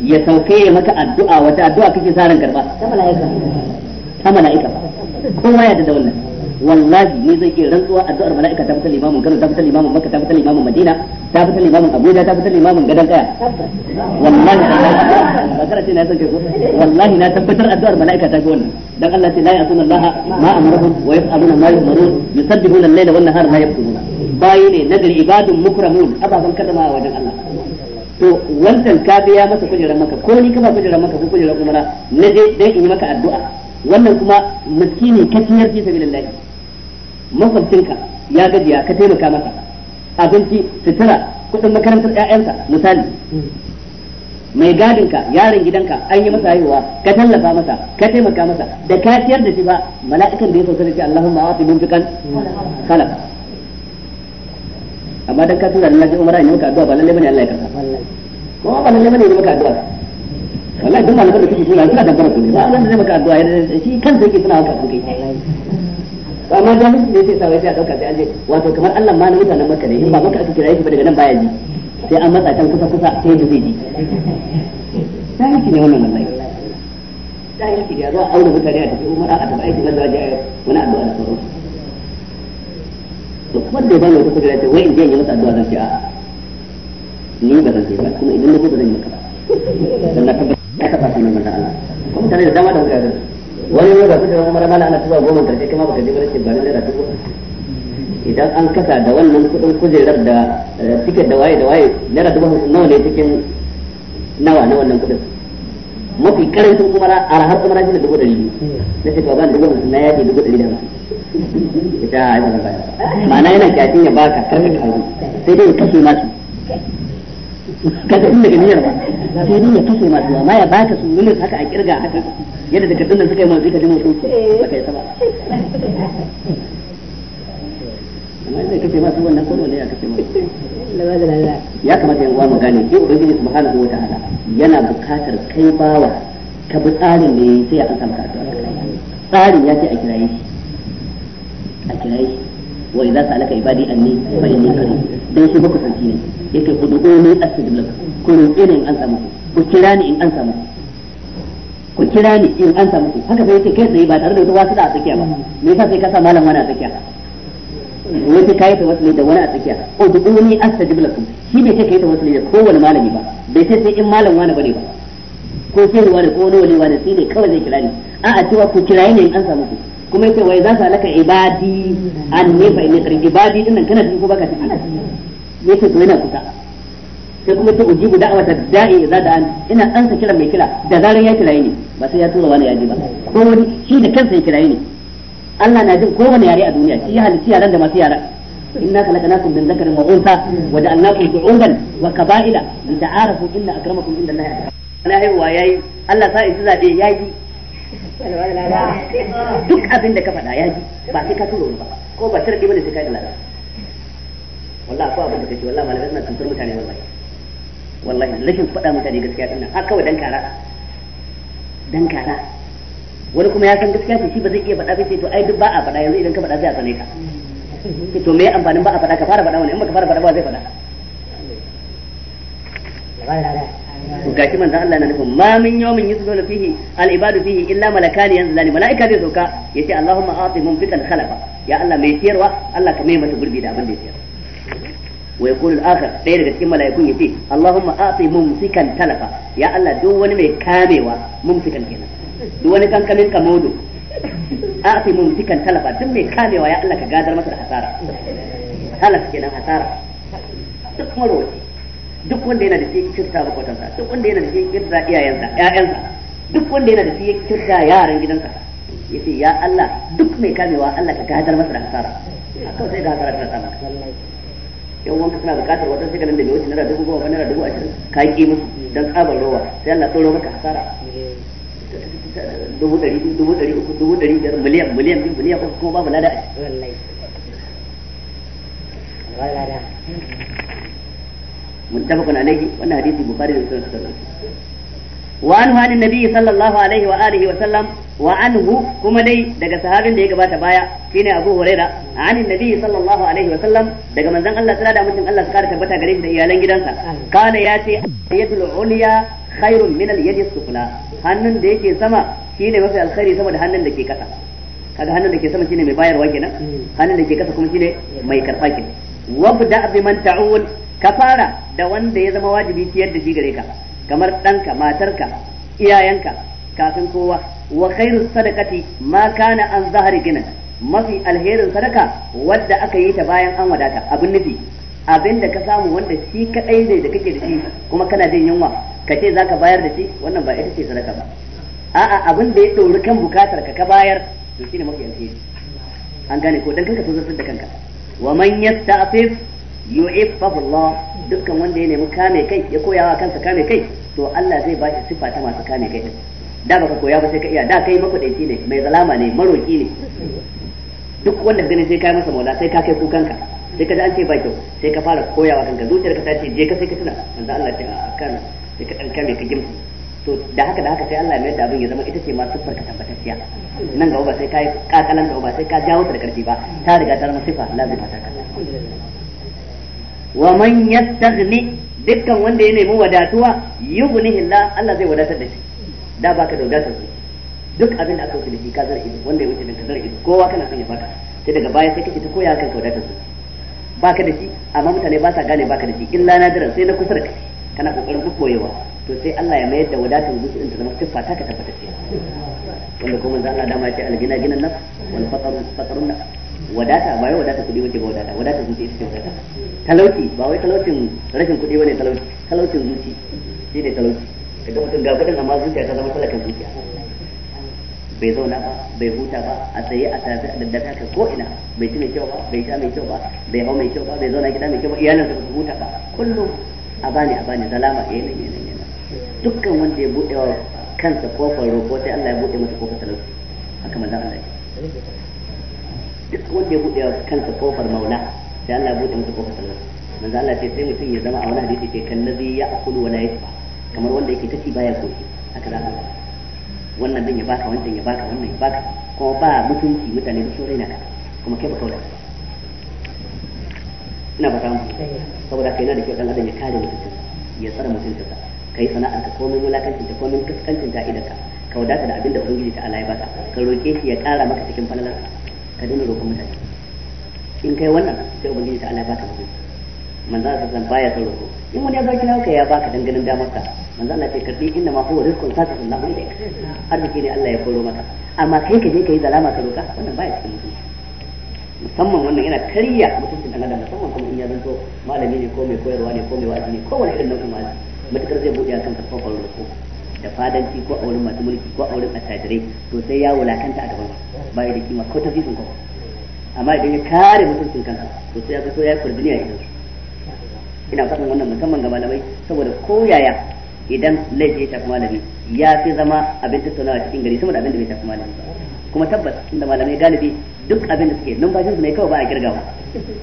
ya sauke ya maka addu'a wata addu'a kake sa ran karba ta mala'ika ta mala'ika kuma ya da wannan wallahi ni zai ke rantsuwa addu'ar mala'ika ta fitar limamin Kano ta fitar limamin Makka ta fitar limamin Madina ta fitar limamin Abuja ta fitar limamin Gadan Kaya wallahi ba kana ce na san kai ko wallahi na tabbatar addu'ar mala'ika ta fi wannan dan Allah ce la ya'tuna Allah ma amaruhum wa yaf'aluna ma yu'marun yusabbihuna al-layla wan nahara la yaquluna bayi ne nagari ibadun mukramun ababan kadama wajen Allah to wancan ka biya masa kujerar maka ko ni ka ba kujerar maka ko kujerar umara na dai dai in yi maka addu'a wannan kuma miskini kaciyar fi sabilillah makwabcinka ya gajiya ka taimaka masa abinci sutura kudin makarantar ƴaƴansa misali mai gadinka yaron gidanka an yi masa haihuwa ka tallafa masa ka taimaka masa da ka ciyar da shi ba mala'ikan da ya sauka da shi Allahumma fi munfiqan kala amma dan ka tura da naji umara ne maka addu'a ba lalle bane Allah ya karba kuma ba lalle bane ne maka addu'a wallahi duk malaman da suke tura suna da barku ne ba lalle ne maka addu'a shi kansa yake suna haka kai ba ma jahilci ne sai sawa sai a dauka sai an je wato kamar Allah ma na mutanen Makka ne in ba Makka aka kira shi ba daga nan baya ji sai an matsa can kusa kusa sai da zai ji jahilci ne wannan wallahi jahilci ne zuwa aure mutane a tafi umara a tafi aikin Allah ya wani addu'a da sauransu to kuma da ba mai kusa da wai in je yi masa addu'a zan ce a'a ni ba zan ce ba kuma idan na ba zan yi maka ba dan na tabbata ka fasa ne manzo Allah kuma tare da dama da wuya wani ne su kudin mara mala ana tuba goma karshe kuma baka jibar ce ba na naira dubu idan an kasa da wannan kudin kujerar da eh, tiket da waye da waye naira dubu hamsin nawa ne cikin nawa na wannan kudin mafi karancin a rahar kuma rajin da dubu ɗari na ce ba ban dubu hamsin na yaji dubu ɗari da hamsin ita a yi magana ma'ana yana kyafin ya baka karfe kawo sai dai ya kashe masu ka in daga niyyar ba sai dai ya kashe masu amma ya baka su miliyan haka a kirga haka yadda da kaddunan suka yi motsi eh. ka ji motsin ba yi sama amma da wannan kono ya kace masu ya kamata yan uwa mu gane ko subhanahu wa ta'ala yana bukatar kai bawa ka bi tsarin ne sai ya ansa maka ya ce a kiraye shi a kiraye shi wa idza ibadi anni fa inni qarib dan shi baka santi ne yake ku dubo ni astajib lakum ne in an samu ku kira ni in an samu ku kira ni in an samu haka sai yace kai tsaye ba tare da wata wasu da a tsakiya ba me yasa sai ka sa malam wani a tsakiya sai kai ta wasu da wani a tsakiya o duk wani astajib lakum shi bai ce kai ta wasu da kowane malami ba bai ce sai in malam wani bane ba ko sai wani ko wani wani wani sai ne kawai zai kira ni a a cewa ku kira ni in an samu ku kuma yace wai za ka laka ibadi an ne fa inni ibadi din nan kana cikin ko baka cikin yace to yana kusa sai kuma ta ujibu da'awata da'i da an ina sa kira mai kira da zaran ya kira ne ba sai ya tura wani ya ji ba ko wani shi da kansa ya kira ne Allah na jin ko wani yare a duniya shi ya halitta yaran da masu yara inna khalaqnakum min dhakarin wa untha wa ja'alnakum shu'uban wa qaba'ila lita'arafu inna akramakum inda Allah na haihuwa yayi Allah sa isi zabe yaji duk abin da ka faɗa yaji ba sai ka tura ba ko ba tarbi bane sai ka yi lada wallahi ko abin da kake wallahi malamai suna tantar mutane wallahi wallahi lakin faɗa mutane gaskiya din nan har kawai dan kara dan kara wani kuma ya san gaskiya shi ba zai iya faɗa ba sai to ai duk ba a faɗa yanzu idan ka faɗa zai a sane ka to me amfanin ba a faɗa ka fara faɗa wani in baka fara faɗa ba zai faɗa to gashi manzo Allah na nufin ma min yawmin yusulu fihi al ibadu fihi illa malakani yanzulani malaika zai sauka yace Allahumma ati fitan khalafa ya Allah mai tiyarwa Allah ka mai mata gurbi da abin da ya tiyar wa yaqulu al-akhar ɗaya daga cikin mala'ikun yace Allahumma a'ti mumsikan talafa ya Allah duk wani mai kamewa mumsikan kenan duk wani kankamin kamodo a'ti mumsikan talafa duk mai kamewa ya Allah ka gadar masa da hasara talaf kenan hasara duk marwaci duk wanda yana da shi kirta makwatansa duk wanda yana da shi kirta iyayensa ƴaƴansa duk wanda yana da shi kirta yaran gidansa yace ya Allah duk mai kamewa Allah ka gadar masa da hasara da hasara yan wanka suna bukatar wata sai nan da bai wuce naira dubu goma naira dubu ashirin ka yi musu dan tsabar rowa sai Allah tsoro maka hasara dubu ɗari dubu ɗari uku dubu ɗari biyar miliyan miliyan biyu miliyan uku kuma babu lada a ciki. متفق عليه وان حديث Wa ومسلم وعنه عن sallallahu alaihi wa alihi wa sallam. wa anhu kuma dai daga sahabin da ya gabata baya shine Abu Huraira anin nabi sallallahu alaihi wa sallam daga manzon Allah tsara da mutum Allah tsara tabbata gare shi da iyalan gidansa kana ya ce yadul ulya khairun min al yadi sufla hannun da yake sama shine mafi alkhairi sama da hannun da ke kasa kaga hannun da ke sama shine mai bayarwa kenan hmm. hannun da ke kasa kuma shine mai karfa kenan wabda bi man ta'ul ka fara da wanda ya zama wajibi ciyar da shi gare ka kamar danka matarka iyayenka kafin kowa wa khairu sadaqati ma kana an zahari gina mafi alherin sadaka wadda aka yi ta bayan an wadata abin nufi abin ka samu wanda shi kadai ne da kake da shi kuma kana jin yunwa ka ce zaka bayar da shi wannan ba ita ce sadaka ba a'a abin da ya dori kan bukatar ka ka bayar to shine mafi alheri an gane ko dan kanka tozartar da kanka wa man yasta'fif yu'iffahu Allah dukkan wanda ya nemi kame kai ya koyawa kansa kame kai to Allah zai ba shi sifa ta masu kame kai da baka koya ba sai ka iya da kai makwadaici ne mai zalama ne maroki ne duk wanda gani sai kai masa maula sai ka kai kukanka sai ka ji an ce ba kyau sai ka fara koyawa kanka zuciyar ka ta ce je ka sai ka tuna manzo Allah ce a kana sai ka danka mai ka gimsu to da haka da haka sai Allah ya mayar da abin ya zama ita ce ma sifar ka tabbatacciya nan ga ba sai ka yi kakalan da ba sai ka jawo ta da karfi ba ta riga ta zama sifa lazima ta kasa wa man yastaghni dukkan wanda ya nemi wadatuwa yughnihi Allah Allah zai wadatar da shi da ba da wadatar su duk abin da aka wuce da shi ka zara wanda ya wuce da ka zara kowa kana son ya baka sai daga baya sai kake ta koya kanka wadatar su baka da shi amma mutane ba sa gane baka da shi illa nadiran sai na kusa da kai kana kokarin duk koyewa to sai Allah ya mayar da wadatar zuci inda zama siffa ta ka tabbata ce wanda kuma zan Allah dama ce algina ginan nan wal fatar faqrun na wadata ba wai wadata kudi wace ba wadata wadata zuci ita ce wadata talauci ba wai talaucin rashin kudi bane talauci talaucin zuci shi ne talauci daga mutum ga kudin amma zuciya ta zama talakan zuciya bai zauna ba bai huta ba a tsaye a tafi a daddaka haka ko ina bai ci mai kyau ba bai sha mai kyau ba bai hau mai kyau ba bai zauna gida mai kyau ba iyalin sa su huta ba kullum a bani a bani zalama yayin eh, nan yayin eh, eh, dukkan wanda ya bude wa kansa kofar roƙo sai Allah ya bude masa kofar talauci haka manzon Allah duk wanda ya bude wa kansa kofar maula sai Allah ya buɗe masa kofar talauci manzon Allah ce sai mutum ya zama a wani hadisi ce kan nazi ya akulu wa la kamar wanda yake tafi baya koshi haka za ba wannan dan ya baka wancan ya baka wannan ya baka kuma ba mutunci mutane da sun raina ka kuma kai ba kaula ina ba samu saboda kai na da kyau dan adam ya kare mutunci ya tsara ka kai sana'ar ka komai wulakancin ta komai kaskancin ta idan ka ka wadata da abin da ubangiji ta Allah ya baka ka roke shi ya kara maka cikin falalar ka dinga roƙon mutane in kai wannan sai ubangiji ta Allah ya baka mutunci manzo sai alaihi baya ka roƙo in wani ya baki nauka ya baka dangane damar ka manzo Allah ce karbi inda ma huwa rizqun saka sallahu alaihi arziki ne Allah ya koro maka amma kai ka je yi zalama ka roka wannan baya cikin musamman wannan yana karya mutuncin dan adam musamman kuma in ya zanto malami ne ko mai koyarwa ne ko mai wa'azi ne ko wani irin nau'in wa'azi zai bude akan karfan kwallon ko da fadanci ko a wurin masu mulki ko a wurin attajirai to sai ya wulakanta a gaban ba da kima ko tafisin amma idan ya kare mutuncin to sai ya ya kurbi ne a idan ina fatan wannan musamman ga malamai saboda ko yaya idan laifi ya shafi malami ya fi zama abin tattaunawa cikin gari sama da abin da bai shafi malami kuma tabbas inda malamai galibi duk abin da suke numfashin su ne kawai ba a girgawa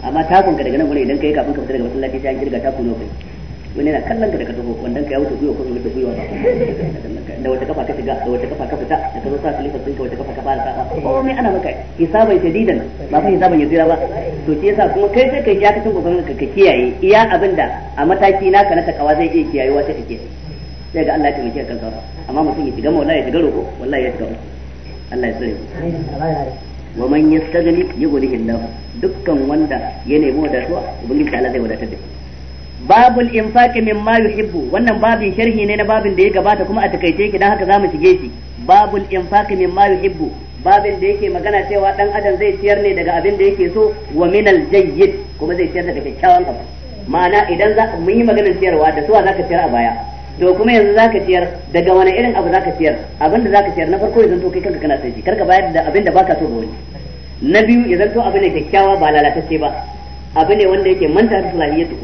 amma takon ka daga nan gurin idan kai kafin ka fita daga masallaci sai an girga takon nawa kai wani na kallon ka daga taho wanda ka ya wuce gwiwa ko ka wuce gwiwa ba da wata kafa ka shiga da wata kafa ka fita da ka zo sa sun ka wata kafa ka fara sa komai ana maka hisaban didan ba fa hisaban yasira ba to shi yasa kuma kai sai kai ya kacin kokarin ka kiyaye iya abinda a mataki naka na takawa zai iya kiyayewa sai ka kiyaye sai ga Allah ya taimake kan sauran amma mutum ya shiga maula ya shiga roƙo wallahi ya shiga uku Allah ya tsare wa man yastaghni yughnihi Allah dukkan wanda ya nemi wadatuwa ubangiji Allah zai wadatar da shi babul infaqi mimma yuhibbu wannan babin sharhi ne na babin da ya gabata kuma a takaice yake dan haka zamu shige shi babul infaqi mimma yuhibbu babin da yake magana cewa dan adam zai ciyar ne daga abin da yake so wa minal jayyid kuma zai ciyar daga kyakkyawan abu ma'ana idan za mu yi maganar ciyarwa da suwa zaka ciyar a baya to kuma yanzu zaka ciyar daga wani irin abu zaka ciyar abinda zaka ciyar na farko yanzu to kai kanka kana sanji karka bayar da abinda baka so ga wani na biyu ya zanto abu ne kyakkyawa ba lalatacce ba abu ne wanda yake manta da salahiyatu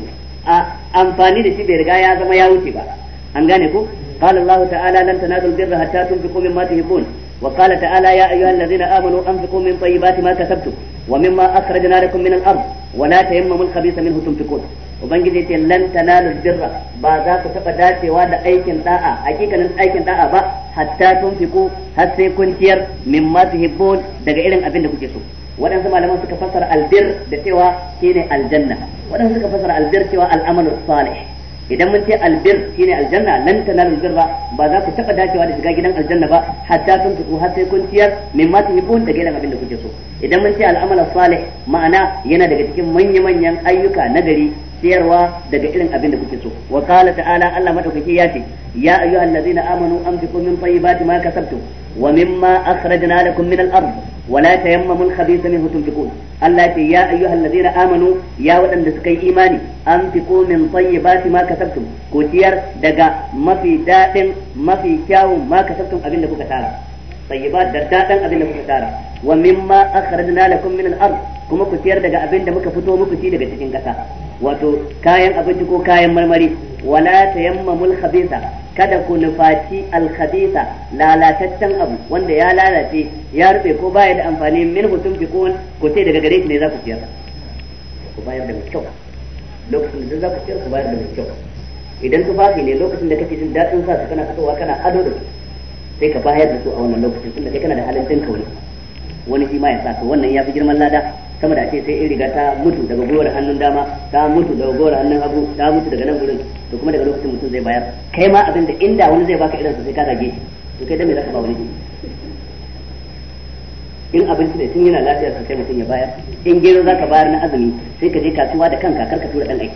a amfani da shi bai riga ya zama ya wuce ba an gane ku. قال الله تعالى لن تنالوا البر حتى تنفقوا مما تحبون وقال تعالى يا أيها الذين آمنوا أنفقوا من طيبات ما كسبتم ومما أخرجنا لكم من الأرض ولا تيمموا الخبيث منه تنفقون ubangiji ce lan tanalu birra ba za ku taba dacewa da aikin da'a hakikanin aikin da'a ba hatta tunfiku har sai kun ciyar ma tuhibbun daga irin abin da kuke so waɗansu malaman suka fassara albir da cewa shine aljanna waɗansu suka fassara albir cewa al'amalu salih idan mun ce albir shine aljanna lan tanalu birra ba za ku taba dacewa da shiga gidan aljanna ba hatta tun tuku har sai kun ciyar ma tuhibun daga irin abin da kuke so idan mun ce al'amala salih ma'ana yana daga cikin manya-manyan ayyuka nagari ciyarwa daga irin abin da kuke so wa qala ta'ala Allah madaukaki ya ce ya ayyuhal ladzina amanu anfiqu min tayyibati ma kasabtum wa mimma akhrajna lakum min al-ard wa la tayammamu al-khabitha minhu tunfiqun Allah ce ya ayyuhal ladzina amanu ya wadanda suka yi imani anfiqu min tayyibati ma kasabtum ko ciyar daga mafi dadin mafi kyawun ma kasabtum abin da kuka tara tayyibat da dadan abin da kuka tara wa mimma akhrajna lakum min al-ard kuma ku ciyar daga abin da muka fito muku ci daga cikin kasa wato kayan abinci ko kayan marmari wala tayammamul khabitha kada ku nufaci al khabitha lalataccen abu wanda ya lalace ya rufe ko baya da amfani min hutum ki kun ko sai daga gare shi ne za ku ciyar ku bayar da mai kyau lokacin da za ku ciyar ku bayar da mai kyau idan su tufafi ne lokacin da kake jin daɗin sa su kana fitowa kana ado da su sai ka bayar da su a wannan lokacin tunda kai kana da halin dinka wani wani shi ma ya sa wannan ya fi girman lada sama da ce sai in riga ta mutu daga gwiwar hannun dama ta mutu daga gwiwar hannun hagu ta mutu daga nan gurin to kuma daga lokacin mutum zai bayar kai ma abin da inda wani zai baka irin sai ka zage shi to kai da me zaka ba wani in abinci da tun yana lafiya sosai mutum ya bayar in gero zaka bayar na azumi sai ka je kasuwa da kanka kar ka tura dan aiki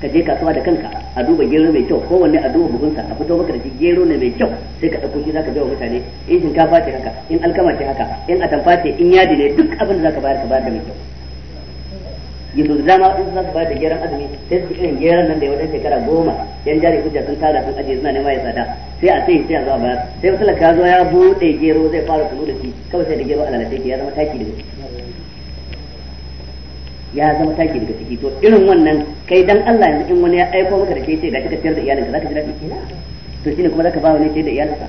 ka je kasuwa da kanka a duba gero mai kyau kowanne a duba bugunsa a fito maka da shi gero ne mai kyau sai ka ɗauko shi zaka bai wa mutane in shinkafa ce haka in alkama ce haka in atamfa ce in yadi ne duk abin da zaka bayar ka bayar da mai kyau yanzu da dama in za su bayar da geran azumi sai su irin geran nan da ya wajen shekara goma yan jari hujja sun tara sun ajiye suna nema ya tsada sai a sai sai a zuwa bayar sai mutum ka zo ya buɗe gero zai fara kunu da shi kawai sai da gero a lalace ya zama taki da shi ya zama taki daga ciki to irin wannan kai dan Allah yanzu in wani ya aiko maka da kai sai ga kika ciyar da iyalinka zaka ji daɗi to shine kuma zaka ba wani ce da iyalinka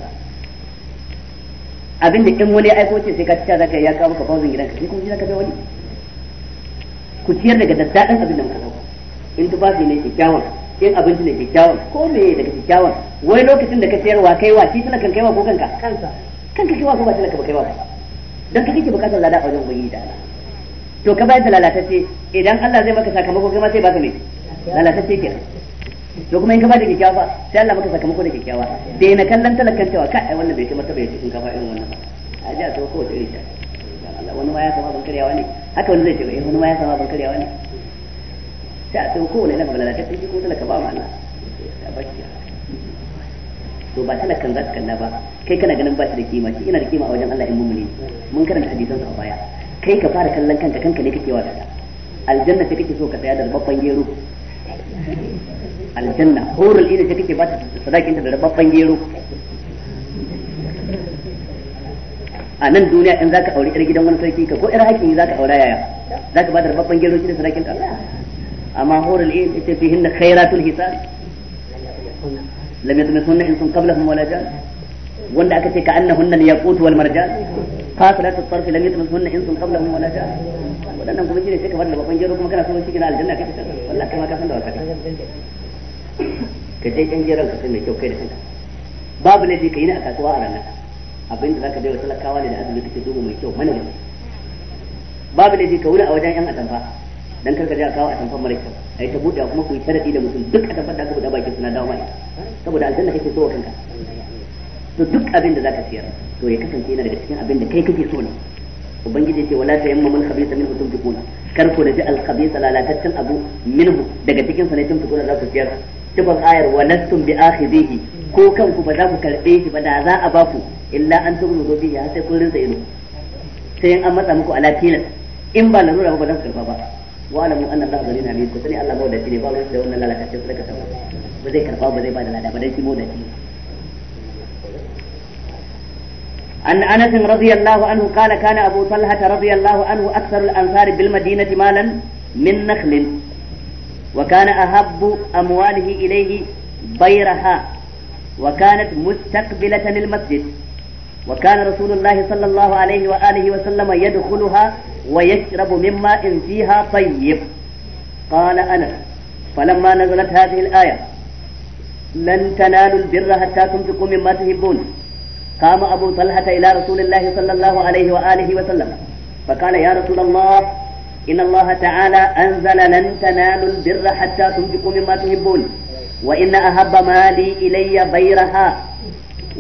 abin da in wani ya aiko ce sai ka ciyar zaka ya kawo maka bawon gidanka sai kuma zaka bai wani ku ciyar daga daddaɗan abin da muka dauka in tufafi ne kyakkyawan in abinci ne kyakkyawan ko me daga kyakkyawan wai lokacin da ka sayarwa kai wa shi kan kai wa ko kanka kanka kanka kai wa ko ba tana ba kai wa dan kake bukatar lada a wajen ubangiji da Allah to ka bayar da lalatacce idan Allah zai maka sakamako kai ma sai baka mai lalatacce ke to kuma in ka bada kyakkyawa sai Allah maka sakamako da kyakkyawa dai na kallon talakan cewa kai wannan bai kai ta ya cikin kafa irin wannan a ji a to ko irin ta Allah wani ma ya sama ban karyawa ne haka wani zai ce bai eh, wani ma ya sama ban karyawa ne sai a to ko na ba lalatacce shi ko talaka ba ma Allah to ba talakan za ka kalla ba kai kana ganin ba shi da kima shi ina da kima a wajen Allah in mummuni mun karanta hadisan sa a baya kai ka fara kallon kanka kanka ne kake wadata aljanna ta kake so ka tsaya da babban gero aljanna horul ina ta kake ba ta sadakin ta da babban gero a nan duniya in zaka aure ɗan gidan wani sarki ka ko yar haƙi zaka aure yaya zaka ba da rababban gero shi da sadakin ta amma horul ina fi hinna khairatul hisab lam yatmisunna insun qablahum wala jan wanda aka ce ka annahunna al-yaqut wal marjan kafilat as-sarf lam yatmasuhunna insun mun wala ja'a wadannan kuma shine sai ka bar da babban gero kuma kana so shi gina aljanna kake wallahi kai ma ka san da wata ka je kan geron ka sai mai kyau kai da kanka babu ne ka yi na a kasuwa a ranar abin da zaka bai wa talakawa ne da azumi kake dubo mai kyau mana babu babu dai ka wuri a wajen yan atamfa dan karka je a kawo atamfa mara kyau ai ta bude kuma ku yi sharadi da mutum duk atamfa da ka buɗe bakin suna dawo mai saboda aljanna kake so wa kanka to duk abin da zaka siyar to ya kasance yana daga cikin abin da kai kake so ne ubangiji ce wala ta yamma mun khabisa minhu tunfiquna kar ku naji al khabisa lalataccen abu minhu daga cikin sa ne tunfiquna za ku siyar cikin ayar wa walastum bi akhidhihi ko kanku ba za ku karbe shi ba da za a ba ku illa an tugnu gobi ya sai kun rinsa ido sai an matsa muku ala tilas in ba larura ba ba za ku karba ba wa alamu anna Allah zalina bi ku sani Allah ba da shi ne ba wani da wannan lalataccen sadaka ta ba zai karba ba zai ba da lada ba dan shi mu da shi عن أنس رضي الله عنه قال كان أبو طلحة رضي الله عنه أكثر الأنصار بالمدينة مالا من نخل وكان أهب أمواله إليه بيرها وكانت مستقبلة المسجد وكان رسول الله صلى الله عليه وآله وسلم يدخلها ويشرب من ماء فيها طيب قال أنس فلما نزلت هذه الآية لن تنالوا البر حتى تنفقوا مما تحبون قام أبو طلحة إلى رسول الله صلى الله عليه وآله وسلم فقال يا رسول الله إن الله تعالى أنزل لن تنالوا البر حتى تنفقوا مما تحبون وإن أحب مالي إلي بيرها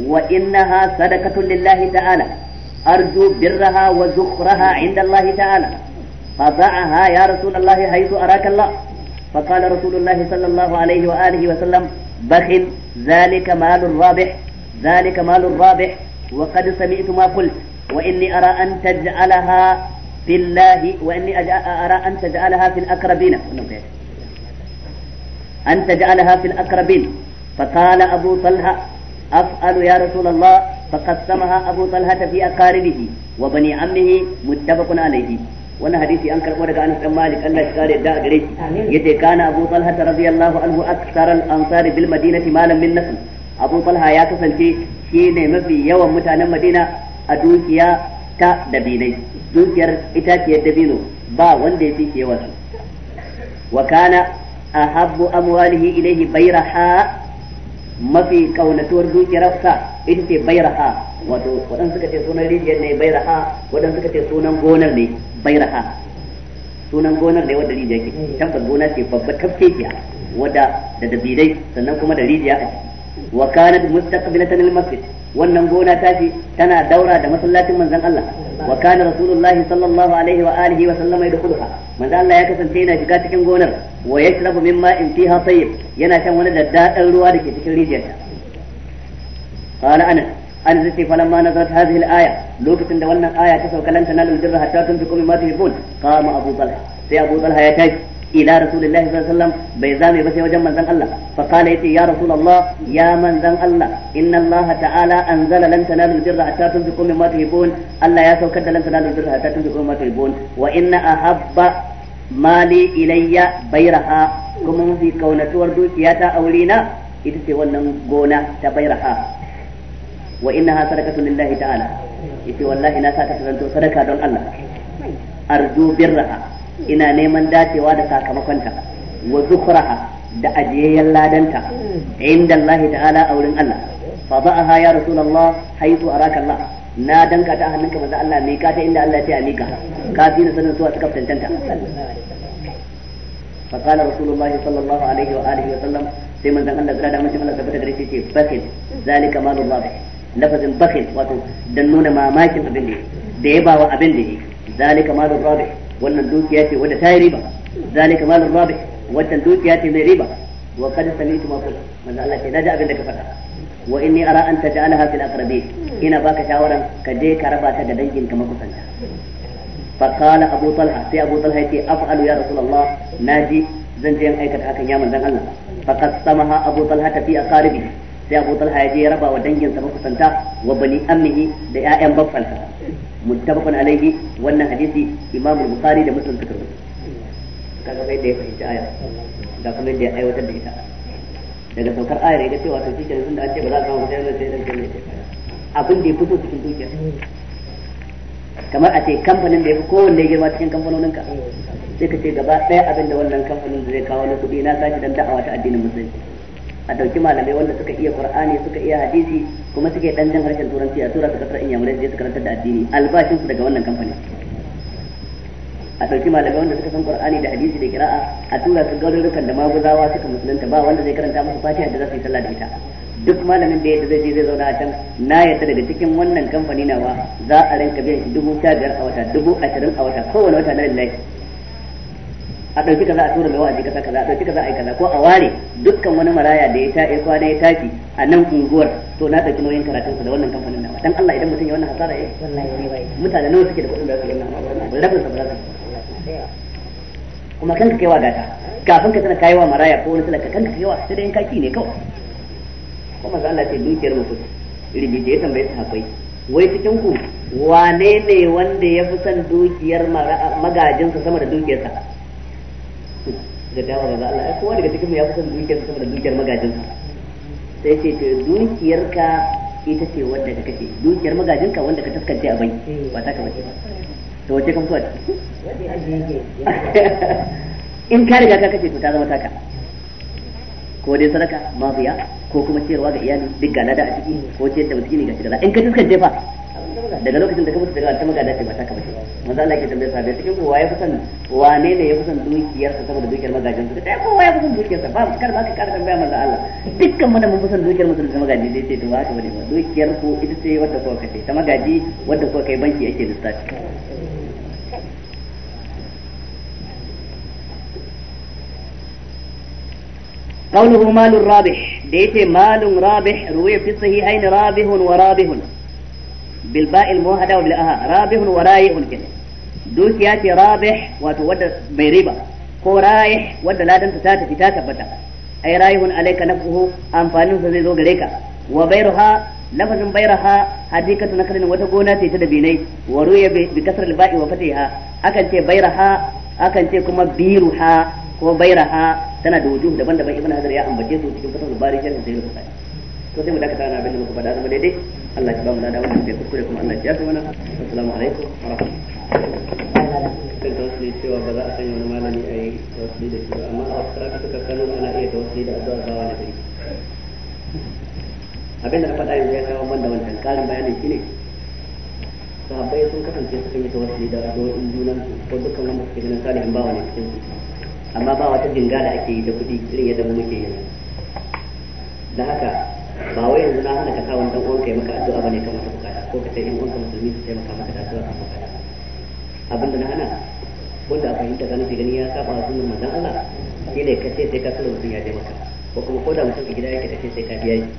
وإنها صدقة لله تعالى أرجو برها وزخرها عند الله تعالى فضعها يا رسول الله حيث أراك الله فقال رسول الله صلى الله عليه وآله وسلم بخل ذلك مال الرابح ذلك مال الرابح وقد سمعت ما قلت وإني أرى أن تجعلها في الله وإني أرى أن تجعلها في الأقربين أن تجعلها في الأقربين فقال أبو طلحة أفعل يا رسول الله فقسمها أبو طلحة في أقاربه وبني عمه متفق عليه وانا حديثي انكر ورد عن Anas مالك ان الشارع دا kare da gare shi yace kana Abu Talha radiyallahu anhu aksar al ansar Abun falha ya kasance shi ne mafi yawan mutanen madina a dukiya ta dabinai dukiyar itaciyar dabino ba wanda ya fi yawa su wa kana ahabbu amwalihi ilayhi bayraha mafi kaunatuwar dukiyar sa ita ce bayraha wato wadan suka ce sunan rijiyar ne bayraha wadan suka ce sunan gonar ne bayraha sunan gonar ne wadda rijiya ke tabbas gona ce babba tafkekiya wadda da dabidai sannan kuma da rijiya a ciki wa kanat mustaqbilatan al wannan gona tashi tana daura da masallacin manzon Allah wa kana rasulullahi sallallahu alaihi wa alihi wa sallama yadkhuluha manzon Allah ya kasance yana shiga cikin gonar wa yashrabu mimma in fiha tayyib yana shan wani daddadan ruwa dake cikin rijiyar qala ana an zai falamma nazarat hadhihi al-aya lokacin da wannan aya ta sauka lan tanalul birra hatta tunfiqu mimma tuhibbun qama abu talha sai abu talha ya tafi ila rasulullah sallallahu alaihi wasallam bai zame ba sai wajen manzon Allah fa kala yace ya rasulullah ya manzon Allah inna Allah ta'ala anzala lan tanalu birra hatta tunfiqu mimma tuhibun Allah ya saukar da lan tanalu birra hatta tunfiqu mimma tuhibun wa inna ahabba mali ilayya bayraha kuma mafi kaunatuwar dukiyata a wurina ita ce wannan gona ta bayraha wa ha sadaqatu lillahi ta'ala ita wallahi na sa ta zanto sadaka don Allah arju birraha ina neman dacewa da sakamakonta wa zukhraha da ajiyayyen ladanta inda Allah ta'ala a wurin Allah fa ba'aha ya rasulullah haitu araka Allah na danka ta hannunka manzo Allah mai ka ta inda Allah ya mika ka fi da sanin zuwa suka tantanta fa qala rasulullah sallallahu alaihi wa alihi wa sallam sai manzo Allah ya da mutum Allah tabbata gare shi ce bakin zalika malullah lafazin bakin wato dan nuna mamakin abin da ya bawa abin da ya zalika malullah wannan dukiya ce wadda ta yi riba zalika malur rabi wannan dukiya ce mai riba wa qad sami'tu ma qulta manzo Allah ce naji abin da ka faɗa wa inni ara an taj'alaha fil aqrabin ina baka shawaran ka je ka raba ta da dangin ka makusanta fa qala abu talha sai abu talha yace af'alu ya rasulullah naji zan je in aikata hakan ya manzon Allah fa qasamaha abu talha fi aqaribihi sai Abu Talha ya je ya raba wa danginsa kusanta wa bani amini da ƴaƴan baffansa muttafaqun alaihi wannan hadisi Imam Bukhari da Muslim suka rubuta kaga bai da ya fahimci aya da kuma da ya aiwatar da ita daga saukar ayar ya ga cewa to shikenan tunda an ce ba za a samu mutane da sai dan kenan abin da ya fito cikin dukiya kamar a ce kamfanin da ya fi kowanne girma cikin kamfanonin ka sai ka ce gaba ɗaya abin da wannan kamfanin da zai kawo na kuɗi na sashi dan da'awa ta addinin musulunci a dauki malamai wanda suka iya qur'ani suka iya hadisi kuma suke dan jin harshen turanci a tura su kasar inyamurai da su karanta da addini albashin su daga wannan kamfanin a dauki malamai wanda suka san qur'ani da hadisi da kira'a a tura su garurukan da maguzawa suka musulunta ba wanda zai karanta musu fatiha da za su yi sallah da ita duk malamin da yadda zai je zai zauna a can na yadda daga cikin wannan kamfani nawa za a rinka biyan dubu sha biyar a wata dubu ashirin a wata kowane wata na lillahi a ɗauki kaza a tura mai wa'azi kasa kaza a ɗauki kaza a yi kaza ko a ware dukkan wani maraya da ya ta'e kwana ya tafi a nan unguwar to na ɗauki nauyin karatun sa da wannan kamfanin nawa dan Allah idan mutum ya wannan hasara ya eh. mutane nawa suke da kuɗin da ya su yi ba rabin sa ba za kuma kanka kaiwa gata kafin ka sana wa maraya ko wani ka kanka kaiwa sai dai in kaki ne kawai Ko manzo Allah sai dukiyar mutum rigije ya tambaye su hakai wai cikin ku wane ne wanda ya fi son dukiyar magajinsa sama da dukiyarsa da dawa da Allah ai kowa daga cikin mu ya fi son dukiyar sama da dukiyar magajinsa sai ce to ka ita ce wanda ka kace dukiyar ka wanda ka taskance a bai eh. ba ta ka ba to wace kan fuwa in ka riga ka kace to ta zama taka ko dai sadaka mafiya ko kuma ciyarwa ga iyali duk ga lada a ciki ko ciyar da miskini ga shi da in ka taskance fa daga lokacin da ka mutu daga ta magada ce ba ta kaba ce manzo Allah ke tambaye sahabbai cikin ku waye kusan wane ne ya kusan dukiyar sa saboda dukiyar magajin su dai ko waye kusan dukiyar sa ba mu kar ba ka kar tambaya manzo Allah dukkan mu da mun kusan dukiyar mutum da magaji dai sai to ba ka bane ba dukiyar ku ita ce wadda kuka kace ta magaji wadda kuka kai banki yake lissafi قوله مال رابح ديت مال رابح روي في الصحيحين رابح ورابح bil ba'il muwahada wa bil aha rabihun wa raihun kenan dukiya ce rabih wato wadda mai riba ko raih wadda ladanta ta tafi ta tabbata ai raihun alayka nafsuhu amfanin sa zai zo gare ka wa bayruha lafazin bayraha hadikatu nakalin wata gona ce ta dabinai wa ruya bi kasr al ba'i wa fatiha akan ce bayraha akan ce kuma biruha ko bayraha tana da wujuh daban-daban ibn hajar ya ambace Allah ya ba mu lada wannan bai kuskure kuma Allah ya mana assalamu alaikum wa rahmatullahi cewa ba za a sanya wani malami a yi tawassuli da shi ba amma a suka kano ana iya tawassuli da addu'a bawa na gari abin da na faɗa yanzu ya kawo man da wancan ƙarin bayanin shi ne sahabbai sun kasance sukan yi tawassuli da addu'o'in junan su ko dukkan wanda suke ganin salihin bawa ne cikin amma ba wata jinga da ake yi da kuɗi irin yadda muke yanzu da haka ba wai yanzu na hana ka sa wani dan uwanka ya maka addu'a bane kan wata bukata ko ka ce in uwanka musulmi su taimaka maka da addu'a kan bukata abinda na hana wanda a fahimta ka nufi gani ya saba wa sunan manzon Allah shi ne ka ce sai ka tura mutum ya je maka ko kuma ko da mutum a gida yake ka ce sai ka biya shi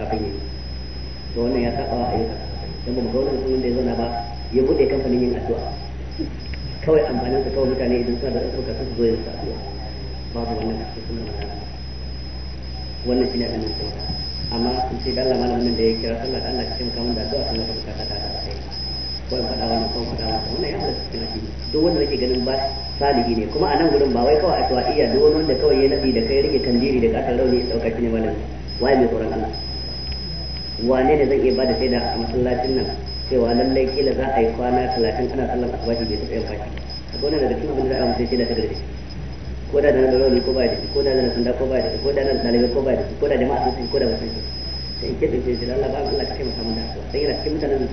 kafin yi to wannan ya saba wa ayyuka dan ba mu ga wani mutumin da ya zauna ba ya bude kamfanin yin addu'a kawai amfanin sa kawai mutane idan suna da ɗaukar kasu zo yin addu'a babu wannan a cikin sunan manzon Allah wannan shi ne abin da amma in ce dalla malamin da ya kira sallah Allah ka kamun min da addu'a Allah ka bukata ta da kai ko in faɗa wannan ko faɗa wannan wannan ya hada cikin addini duk wanda nake ganin ba salihi ne kuma a nan gurin ba wai kawai a iya duk wanda kawai ya nabi da kai rike kandiri da katar rauni ya dauka shi ne malami waye mai tsoron Allah wane ne zan iya bada shaida a masallacin nan cewa lallai kila za a yi kwana talatin ana sallan asubahi bai taɓa yin fashi a gona daga cikin abin da za a mutum da ta gargaɗi ko da da laloni ko ba da shi ko da da sanda ko ba da shi ko da da dalibai ko ba da shi ko da jama'a sun ko da ba sun sai in kebe sai da Allah ba Allah ka taimaka mun da su sai yana cikin mutanen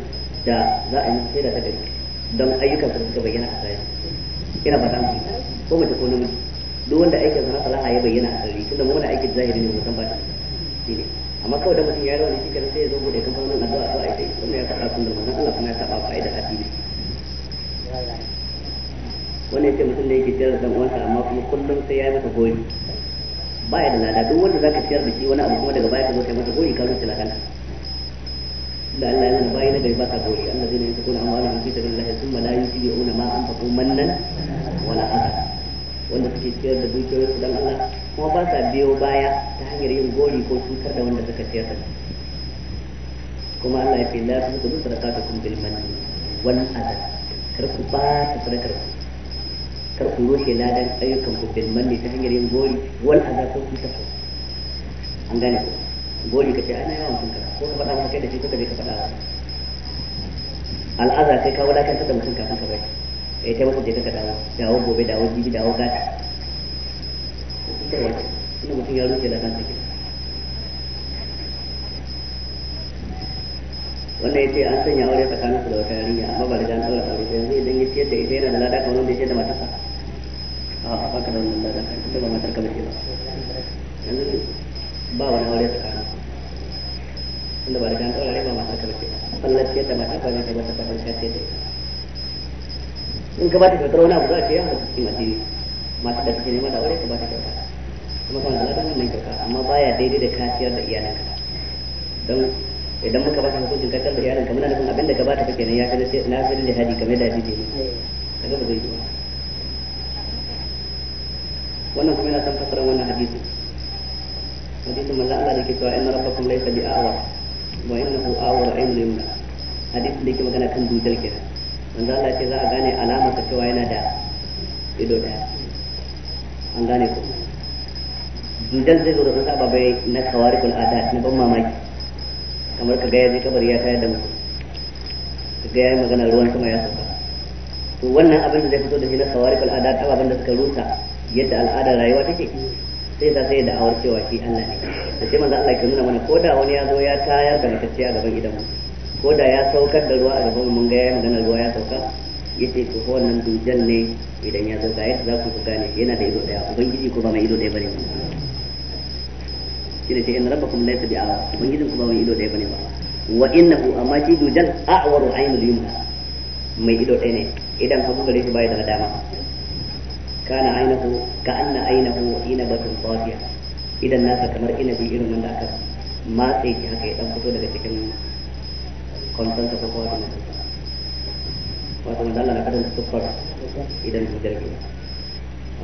da za a yi sai da ta don ayyukan su suka bayyana a tsaye ina ba ta mu ko mace ko namiji duk wanda aikin sa na ya bayyana a sarari tunda mu wanda aikin zahiri ne mutum ba ta shine amma kawai da mutum ya yi rauni shi kenan sai ya zo bude kamfanin addu'a ko ai wannan ya taɓa kun da manzon Allah kuma ya taɓa fa'ida addini wani ce mutum da yake ciyar da uwansa amma kuma kullum sai ya yi masa gori ba ya da lada duk wanda ka ciyar da shi wani abu kuma daga baya ka zo kai masa gori ka cila ladan da Allah yana bayi na gari ba ka goyi Allah zai ne ta kula amma Allah ma sabilillah thumma la yusbi'una ma anfaqu mannan wala adha wanda suke ciyar da dukiyoyin su dan Allah kuma ba sa biyo baya ta hanyar yin gori ko cutar da wanda suka ciyar da kuma Allah ya ce la tusbitu sadaqatukum bil manni wal adha kar ku ba ta sadakar ku ta ku rushe ladan ayyukan ku bil ta hanyar yin gori wal azab ko ta so an gane ku gori ce ana yawan mutum kaza ko ka faɗa maka kai da shi ko ka je ka faɗa al'aza kai ka wulakanta da mutum kafin ka bai kai ta mutum je ka dawo dawo gobe dawo jibi dawo gata ina mutum ya rushe ladan ta kenan wannan ya ce an sanya aure su da wata yarinya amma ba da an ɗaura aure yanzu idan ya ce da ita yana da lada kamar wanda ya ciyar da matasa a a baka da wannan ladan kai ita matar ka bace ba ba wani aure tsakanin tunda ba da kan kawai ba matar ka bace ba Allah ce da matar ka bace ba ta fara ta ce in ka ba ta kyautar wani abu za a ce ya mutu mace matar da kake nema da aure ka ba ta kyauta kuma kana da ladan wannan kyauta amma baya daidai da kasiyar da iyalanka don idan muka baka hukuncin kakar da yaron ka muna nufin abinda ka kake nan ya fi na fi kamar da ne kaga ba zai yi ba wannan kuma yana tabbatar wannan hadisi hadisi manzo Allah da ke cewa inna rabbakum laysa bi a'wa wa innahu a'wa ra'ayun yumna hadisi da yake magana kan dujal kenan manzo Allah ce za a gane alama ta cewa yana da ido da an gane ko dujal zai zo da wasu ababai na kawarikul adat na ban mamaki kamar ka ga zai kabar kabari ya tayar da mutum ka ga magana ruwan sama ya sauka to wannan abin da zai fito da shi na kawarikul adat ababen da suka rusa yadda al'adar rayuwa take sai ta sai awar cewa shi Allah ne a ce manzo Allah ke nuna mana ko da wani ya zo ya tayar da matacce a gaban gidanmu ko da ya saukar da ruwa a gaban mun ga ya magana ruwa ya sauka yace to ko wannan dujan ne idan ya zo ga za ku gane yana da ido daya ubangiji ko ba mai ido daya bane shine ce inna rabbakum laysa bi'a ubangijin ku ba mai ido daya bane ba wa innahu amma shi dujal a'waru aynul yumna mai ido daya ne idan hagu gare shi bai da dama kana ainihu ka anna ainihu inabatun safiya idan nasa kamar inabi irin wanda aka matse haka ya dan fito daga cikin kwanton ta ko wani wato wanda Allah na kadan tuffar idan su jirgi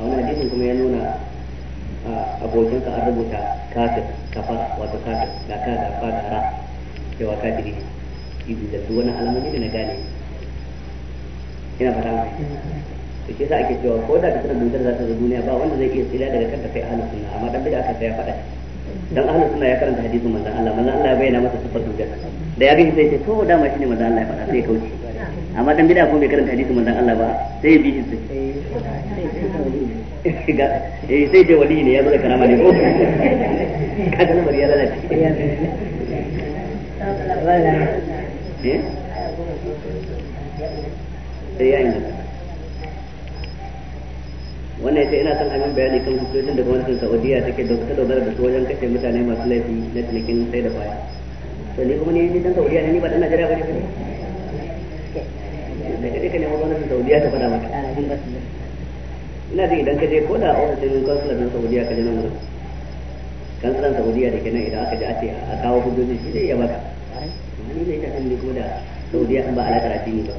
a wannan hadisin kuma ya nuna abokin ka an rubuta kafir kafara wato kafir da ka da fara ra cewa da wani alamomi na gane ina fata mai to ke sa ake cewa ko da ka tana mutar za ta zo duniya ba wanda zai iya tsira daga kanta kai ahlus sunna amma dan bid'a kansa ya fada dan ahlus sunna ya karanta hadisin manzon Allah manzon Allah ya bayyana masa sifar duniya da ya ga sai ce to ma shine manzon Allah ya fada sai ya kauce amma dan bid'a ko bai karanta hadisin manzon Allah ba sai bi shi eh sai ce wali ne ya zo da karama ne ko kaga bari ya lalace eh ya inganta wannan yace ina son amin bayani kan hukuncin da gwamnatin Saudiya take da ta dogara da su wajen kashe mutane masu laifi na cinikin sai da baya to ni kuma ni ni dan Saudiya ne ni ba dan Najeriya bane da kake kane gwamnatin Saudiya ta faɗa maka ina jin idan ka je ko da ofishin consulate na Saudiya ka je nan wurin kansulan Saudiya da kenan idan aka je a ce a kawo hujjoji shi zai iya baka ni ne ta kan ni kuma da Saudiya an ba alaƙar addini ba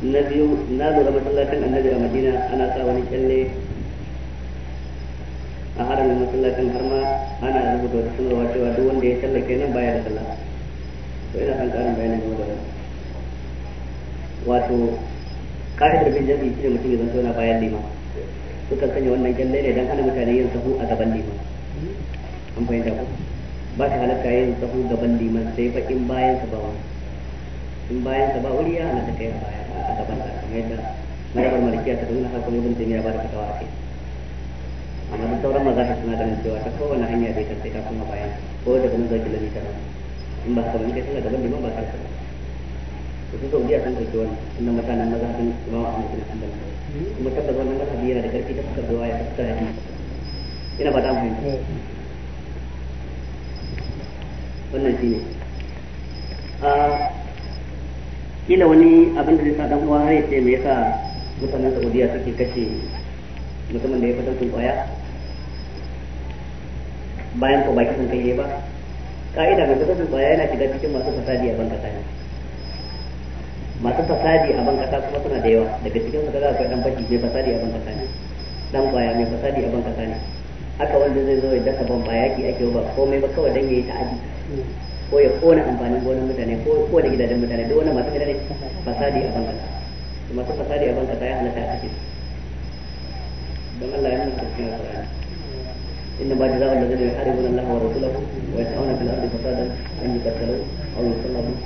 na biyu na lura masallacin annabi a madina ana sa wani kyalle a haramin masallacin har ma ana rubuta wata sanarwa cewa duk wanda ya tallake nan baya da sallah to ina san karin bayani game da wato ka'idar bin jami'i ne mutum ya zanto yana bayan lima suka sanya wannan kyalle ne dan hana mutane yin sahu a gaban lima an fahimta ko ba ta halatta yin sahu gaban lima sai fa in bayan sa ba wani bayan sa ulia anak ta kai baya a mereka ta kamar yadda madabar malikiya ta nuna har kuma mutum ya ba da fatawa a kai amma duk hanya dai ta sai ta kuma bayan ko da kuma zai kilomita in ba ka ba sangat suna gaban liman ba ka ba to su saudiya sun ɗauki wannan inda mutanen mazhabin imamu ahmad bin hanbal kuma tabbas wannan mazhabi yana kila wani abin da zai sa dan uwa ya ce me yasa mutanen Saudiya suke kashe mutumin da ya fitar sun kwaya bayan ko baki sun kai ba ka'ida ga fitar sun kwaya yana shiga cikin masu fasadi a banka ne masu fasadi a banka kuma suna da yawa daga cikin su kaga akwai dan baki mai fasadi a banka ne dan kwaya mai fasadi a banka ne aka wanda zai zo ya daka ban bayaki ake ba komai ba kawai dan yayi ta'adi ko ya kona amfanin gonar mutane ko kona gidajen mutane duk wannan masu menene fasadi a banka masu fasadi a banka ya halatta a cikin don Allah ya nuna cikin alƙur'ani إنما جزاء الذين يحاربون الله ورسوله ويسعون في الأرض فسادا أن يقتلوا أو يصلبوا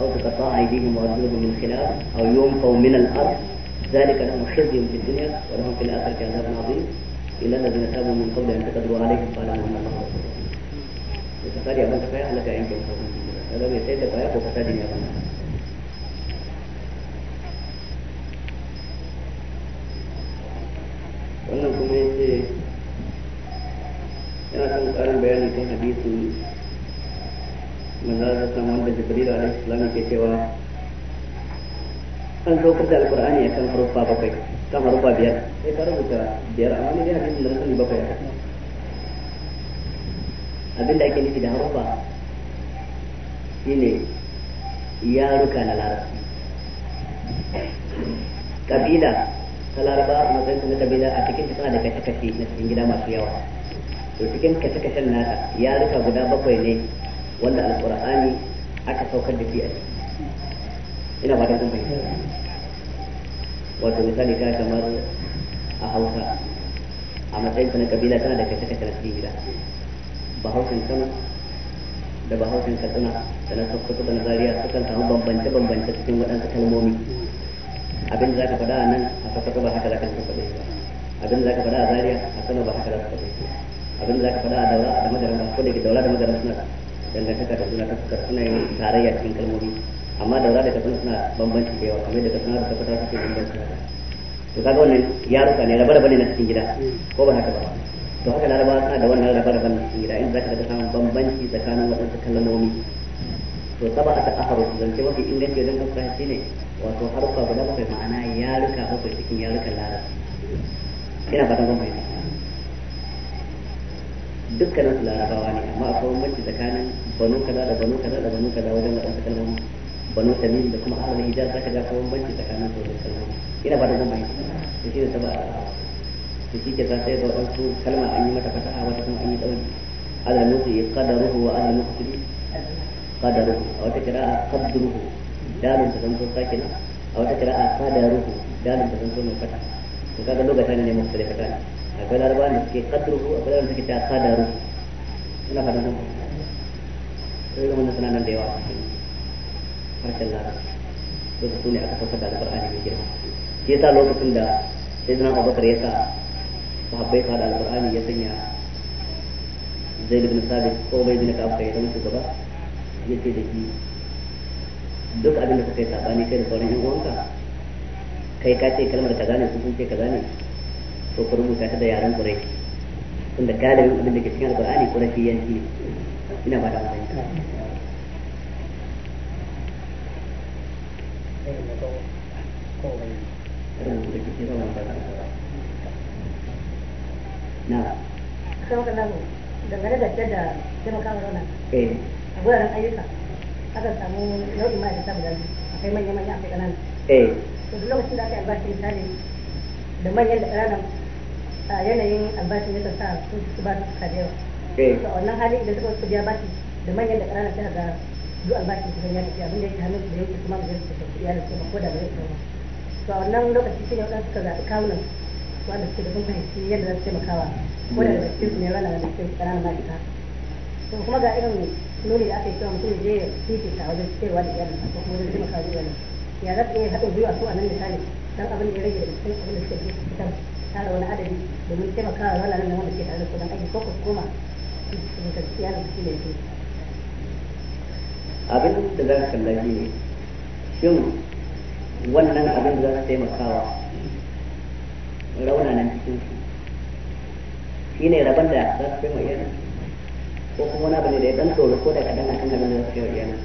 أو تقطع أيديهم وأرجلهم من خلاف أو ينفوا من الأرض ذلك لهم خزي في الدنيا ولهم في الآخرة عذاب عظيم إلا الذين تابوا من قبل أن تقدروا عليهم فاعلموا أن الله غفور kita akan kalau biasanya terkaya kok kata dini akan wannan kuma ya yana son karin bayani kan hadisi manzara sassan wanda jibril alaihi salam yake cewa bakwai kan biyar sai ka rubuta biyar amma ne hadisin da abinda ake nufi da harufa shine yaruka na larabci kabila ta laraba a matsayin na kabila a cikin tana da kashe-kashe na cikin gida masu yawa to cikin kashe-kashen nata yaruka guda bakwai ne wanda alkur'ani aka saukar da shi a ciki ina fatan kun fahimta wato misali ta kamar a hausa a matsayin na kabila tana da kashe-kashe na cikin gida bahaushen kano da bahaushen katsina da na sokoto da na sukan samu bambance bambance cikin waɗansu kalmomi abin da zaka faɗa nan a ba haka zaka ba abin da zaka faɗa a a ba haka zaka abin da zaka faɗa a madara ba ko da ke da madara suna dangantaka da suna suna yin tarayya cikin kalmomi amma da katsina suna da yawa kamar da katsina da suke to kaga wannan ne rabe-rabe ne na cikin gida ko ba haka ba to haka laraba ka da wannan rabe-raben hira in zaka daga samun bambanci tsakanin waɗansu kalmomi to saba a ta'afaru zance mafi inganci wajen fassara shi ne wato harfa guda bakwai ma'ana yaruka bakwai cikin yarukan larabci ina fatan ban fahimta dukkanin su larabawa ne amma akwai bambanci tsakanin banu kaza da banu kaza da banu kaza wajen waɗansu kalmomi banu tamim da kuma ahlul hijaz zaka ga akwai bambanci tsakanin su da kalmomi ina fatan ban fahimta shi ne saba da shi ke sa sai ga wasu kalma an yi mata a wata kuma an yi tsauri ala nufi nuqi qadaruhu wa ala nufi nuqi qadaruhu a wata kira qira'a qadruhu dalin ta zanto sakin a wata kira qira'a qadaruhu dalin ta zanto mai fata to kaga lokacin ne mun sai fata akwai larba ne suke qadruhu akwai larabawa da suke ta qadaruhu ina fata mun sai wannan suna nan da yawa harshen larabci to su ne aka saukar da alƙur'ani mai girma shi yasa lokacin da sai zana abubakar ya sa sahabbai ka da alqur'ani ya sanya zaid bin sabit ko bai bin ka'ab kai zama shugaba ce da shi duk abin da kuka yi sabani kai da sauran yan uwanka kai ka ce kalmar kaza ne sun ce kaza ne to ku rubuta ta da yaran kurai tunda galibin abin da ke cikin alqur'ani yanki ina ba da mutane Thank you. na sau da nan dangane da yadda taimaka wa rauna eh. a wuraren ayyuka akan samu nau'in ma'aikata guda biyu akwai manya-manya akwai ƙanana eh. to duk lokacin da aka yi albashi misali da manyan da ƙananan yanayin albashin ya sa su su ba su da yawa eh. to a wannan hali idan suka su biya bashi da manyan da ƙananan sai ga duk albashin su ya tafi abin da yake hannun su da yake kuma mu zai su tafi iyalin su ba ko da ba zai su ba to a wannan lokaci shi ne waɗansu suka zaɓi kawunan su wanda suke da sun fahimci yadda za su taimakawa wanda da cikin su ne da cikin to kuma ga irin nuni da aka yi cewa mutum je fifita wajen ciyarwa da iyalinsa ko kuma wajen taimakawa da iyalinsa ya za iya su a nan misali don abin da ya rage da cikin abin da suke fitar tara wani adadi domin taimakawa wanda nan wanda ke tare da su don aiki ko ku koma ne su abin da za ka kalla shi ne shin wannan abin da za ka taimakawa rauna na cikin su shi ne rabon da za su kai ma iyalan ko kuma wani abu ne da ya dan tsoro ko da kaɗan kan abin da za su kai wa iyalan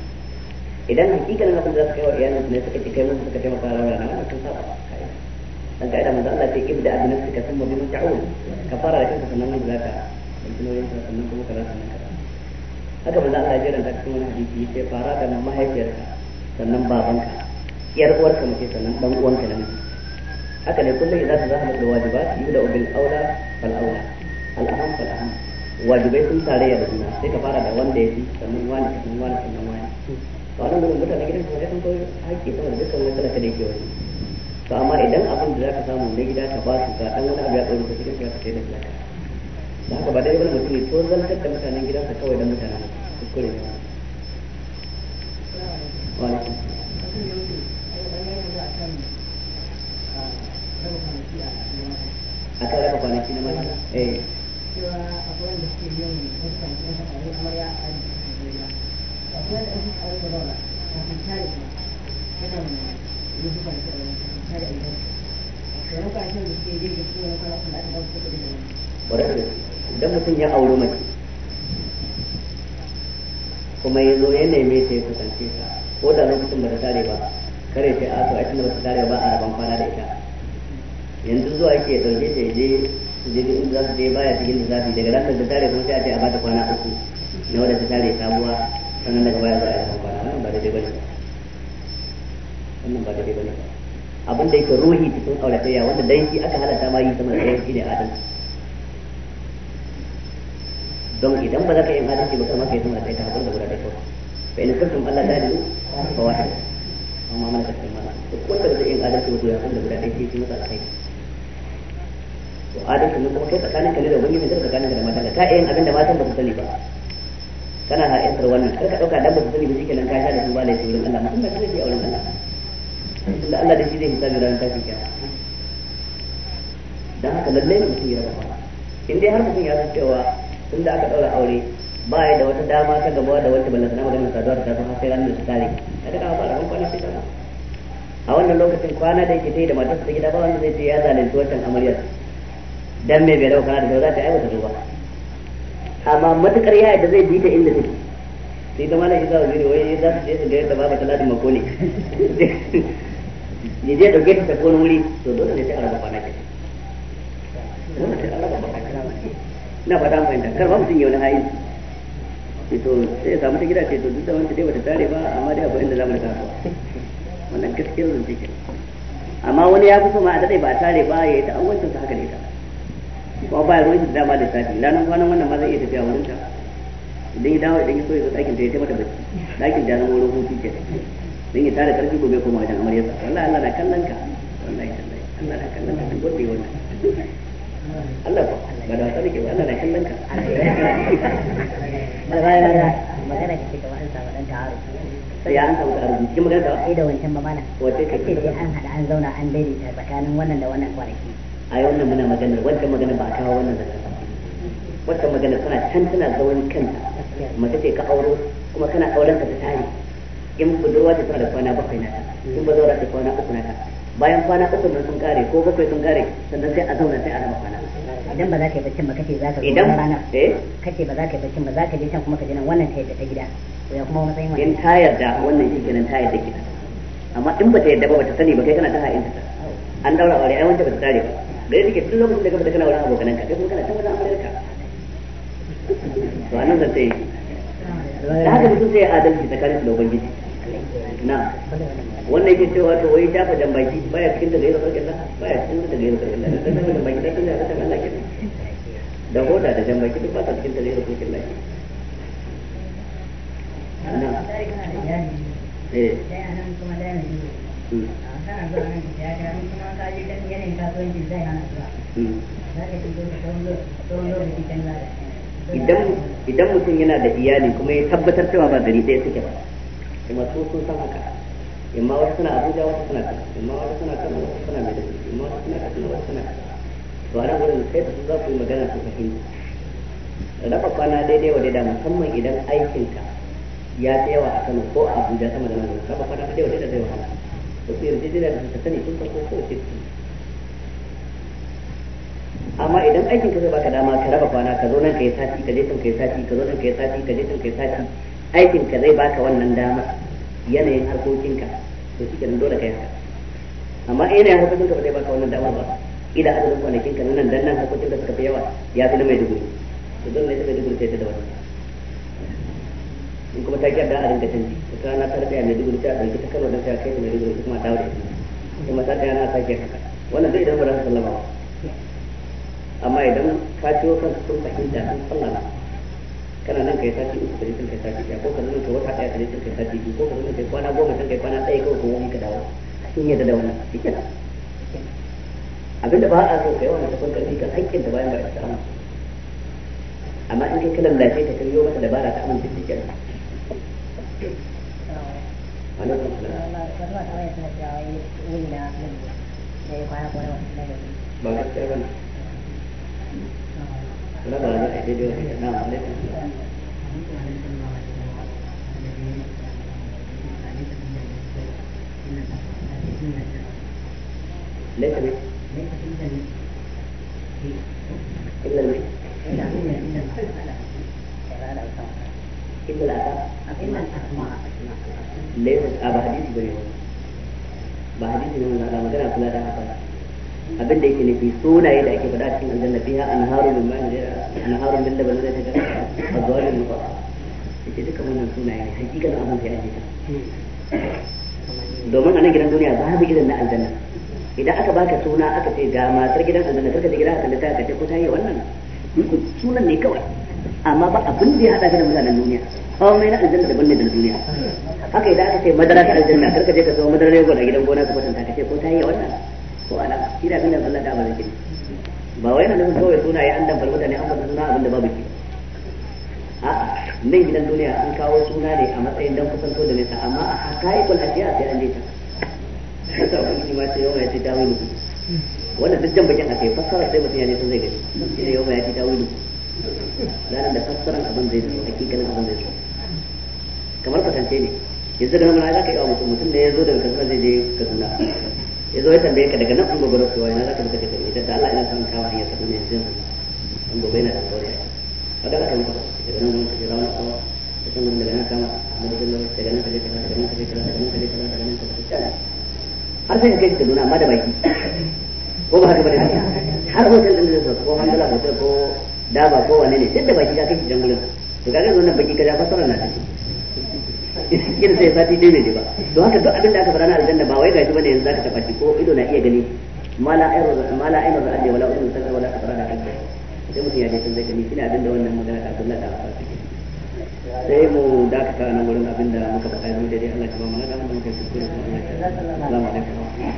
idan na abin da za su kai wa iyalan ne suka ci kai musu suka taimaka rauna na wannan sun saba dan ka ida manzo Allah sai ibda abin da suka san mabin ta'ul ka fara da kanka sannan nan zaka dinkin ka sannan kuma ka rasa naka haka manzo Allah ya jiranta cikin wani hadisi sai fara da mahaifiyarka sannan babanka yar uwarka mace sannan dan uwanka na namiji haka ne kullum idan tazahama da wajibat da ubil aula fal aula al aham fal aham wajibai sun tare ya juna sai ka fara da wanda ya fi sannan wani sannan wani sannan wani to anan gurin mutane gidan kuma sun koyi haƙƙi ta da dukkan wani talaka da yake wani to amma idan abin da za ka samu na gida ka ba su ka dan wani abu ya tsoro ka cikin ka sai da talaka da haka ba dai wani mutum ne to zantar da mutanen ka kawai don mutanen kuskure ne wa alaikum a kai raba kwanaki na mata eh cewa akwai wanda suke yin wasu kwanaki na mata ne amarya a Najeriya akwai wanda ake aure da rawa kafin tare da yana yi su kwanaki a ta, kafin tare a gidan akwai wani kwanakin da suke yin da kowane kwanakin da aka ba su kuɗi da wani ƙwararre idan mutum ya auri mace kuma ya zo ya neme ta ya kusance ta ko da lokacin ba ta tare ba kare sai a so a cikin ba ta tare ba a rabon kwana da ita yanzu zuwa ke dauke ta je jirgin inda za su je baya cikin lissafi daga ranar da tare kuma sai a ce a bata kwana uku na wadda ta tare sabuwa sannan daga baya za a yi kwana wannan ba da bane wannan ba daidai bane abin da yake ruhi cikin auratayya wanda dai shi aka halatta ma yi sama da dan shi ne adam don idan ba za ka yi adalci ba kamar ka yi sama da ta abin da guda da kyau fa in kuntum Allah ta dilu fa wahid amma mana ka tsammana duk wanda ba zai adalci ba to ya san da guda ɗaya shi masa aiki. to adalci ne kuma kai tsakanin kalle da ubangiji sai tsakanin ka da matan ka ka yin abin da matan ba su sani ba kana ha'intar wannan kar ka dauka dan ba su sani ba shikenan ka sha da su ba laifi wurin Allah mutum ba shi ne a wurin Allah inda Allah da shi zai hisabi ranar tashin kiyama dan haka lalle ne mutum ya raba in dai har mutum ya san cewa da aka daura aure ba ya da wata dama ta gaba da wata ballata na maganar saduwa da ta sai ranar da tare kada ka ba ran kwana sai a wannan lokacin kwana da yake tayi da matarsa ta gida ba wanda zai ce ya zalunci wancan amaryar dan mai bai dauka kana da za ta aiwata duba amma matukar ya da zai bi ta inda take sai da malai isa waziri wai za su je su ga yadda baba ta ladin makoni ne je dauke ta tafi wani wuri to dole ne sai a raba kwana ke na fata mai da kar ba mutum yau na hayi to sai ya samu ta gida ce to duk da wanda dai bata tare ba amma dai akwai inda zamu rika wannan gaskiyar zance kenan amma wani ya fi so ma a daɗe ba a tare ba ya yi ta'awancin ta haka ne ta ko baya ruwan shi dama da tafi ranar kwanan wannan ma zai iya tafiya wurin ta idan ya dawo idan ya so ya zo ɗakin ta ya taimaka bacci ɗakin ta zama wurin hutu ke dan ya tara karfi gobe kuma wajen amaryarsa wallahi Allah na kallon ka wallahi Allah na kallon ka duk wanda wannan Allah ba ba da wasa nake ba Allah na kallon ka magana ce kamar an samu dan ta'aruf ya an samu arziki cikin magana da wancan ba mana wace kake an hada an zauna an daidaita tsakanin wannan da wannan kwanaki a yi wannan muna magana wancan magana ba a kawo wannan zaka wancan magana tana can tana zaune kanta mace ce ka auro kuma kana auren ta tare in budurwa ce tana da kwana bakwai na ta in ba zaura ta kwana uku na ta bayan kwana uku nan sun kare ko bakwai sun kare sannan sai a zauna sai a raba kwana idan ba za ka yi baccin ba kace za ka zo rana eh? kace ba za ka yi baccin ba za ka je can kuma ka je nan wannan ta yadda ta gida ya kuma matsayin wannan in ta yarda wannan shi kenan ta yarda gida amma in ba ta yarda ba ba ta sani ba kai kana ta ha'in ta an daura aure ai wanda ba ta tare ba da ya take tun lokacin da ka da kana wurin abokanan ka kai kuma kana can wajen amalarka to anan zan sai da haka mutum sai adalci tsakanin su da ubangiji na wannan yake cewa to wai shafa jan baya cikin da gaira sarkin Allah baya cikin da gaira sarkin Allah dan jan baki dan da sarkin Allah kenan da hoda da jan duk ba ta cikin da gaira sarkin Allah na eh kana zuwa nan ka saya shanu kuma ka je kan yanayin kasuwancin zai hana zuwa za ka shigo da tsawon lokaci can za idan idan mutum yana da iyali kuma ya tabbatar cewa ba gari ɗaya suke ba kuma su sun san haka imma wasu suna abuja wasu suna kano imma wasu suna kano wasu suna mai maiduguri imma wasu suna kano wasu suna kano ba na nan wurin sai da su za ku yi magana su fahimta raba kwana daidai wa daidai musamman idan aikinka ya fi yawa a kano ko abuja sama da nan raba kwana daidai wa daidai zai wahala da ku yarjejeniya da ta sani tun farko ko ce amma idan aikin ka zai baka dama ka raba kwana ka zo nan ka yi sati ka je can ka yi sati ka zo nan ka yi sati ka je can ka yi sati aikin ka zai baka wannan dama yanayin harkokinka to shi kenan dole ka yi haka amma yanayin harkokinka ba zai baka wannan dama ba idan adadin kwanakin ka nan dan nan harkokin da suka fi yawa ya fi na mai dubu to don mai dubu sai ta da wannan in kuma ta ki da a rinka canji ta kana ta da mai dubu ta ta karo da ta kai ta mai dubu ta kuma dawo da ita kuma ta da na ta haka wannan zai idan ba za su sallama ba amma idan ka ciwo kanka sun da sun sallama kana nan kai sati uku kai sati ɗaya ko ka nan kai wata daya kai sati biyu ko ka nan kai kwana goma kai kwana ɗaya kawai ko wani ka dawo sun yadda da wannan shikenan abinda ba a so kai wannan tafin karfi ka haƙƙin da bayan ba a amma in kai kalan lafiya ka karyo mata dabara ta amince shikenan Bagus ya kan? Kalau banyak tidur tidak nama deh. ليس من ليس من إلا من إلا من إلا الأسماء إلا الأسماء ليس أبا حديث بني ba hadisi ne wanda ana magana kula da haka abin da yake nufi sunaye da ake faɗa cikin aljanna fiha anharun min ma'in anharun min labanin da ta ga azwajin nufa yake duka wannan sunaye ne hakikan abin da yake domin a nan gidan duniya babu gidan na aljanna idan aka baka suna aka ce ga matar gidan aljanna karka da a kalli ta ka ce ko ta yi wannan hmm, sunan ne kawai amma ba abin da ya hada ka da mutanen duniya komai na aljanna daban ne da duniya haka idan aka ce madara ta aljanna karka je ka zo madara ne a gidan gona ka kwatanta ka ce ko ta yi wannan ko ala shi da Allah da Allah ta ba wai yana nufin kawai suna ya an damfar ne an suna abin da babu shi a'a nan gidan duniya an kawo suna ne a matsayin dan kusanto da nesa amma a hakaikul ajiya sai an je ta haka ubangiji ma sai yau ya ce ta wani wannan duk jan bakin aka kai fassara sai mutum ya ne sun zai gani shi ne yawa ya ce dawo wani ranar da fassaran abin zai zo hakikanin abin zai zo kamar kwatance ne yanzu da namuna za ka yi wa mutum mutum da ya zo daga kasar zai je kaduna ya zo ya tambaye ka daga nan an gobe rasuwa yana za ka muka tafi idan da Allah ina son kawo hanyar kaduna yanzu yanzu an gobe yana da sauri a ga aka muka daga nan wani kajera wani kawo da can wani daga nan kama a madadin lawa daga nan kaje kaza daga nan kaje kaza daga nan kaje kaza daga nan kaje kaza har sai ka kai kaduna amma da baki ko ba haka ba ne har hotel din da zai ko hamdala hotel ko da ba kowane ne tun da baki ka kashe can gurin to kaga wannan baki ka fasara na tashi kin sai sati dai ne ba to haka duk abin da aka fara na aljanna ba wai gashi bane yanzu zaka tabbaci ko ido na iya gani mala ayru mala ayru da wala usun san wala afara da kanka sai mutum ya je sun zai gani kina abin da wannan magana ta Allah fara sai mu da ka nan gurin abin da muka faɗa mu dai Allah ya ba mu da mun kai kuskure assalamu alaikum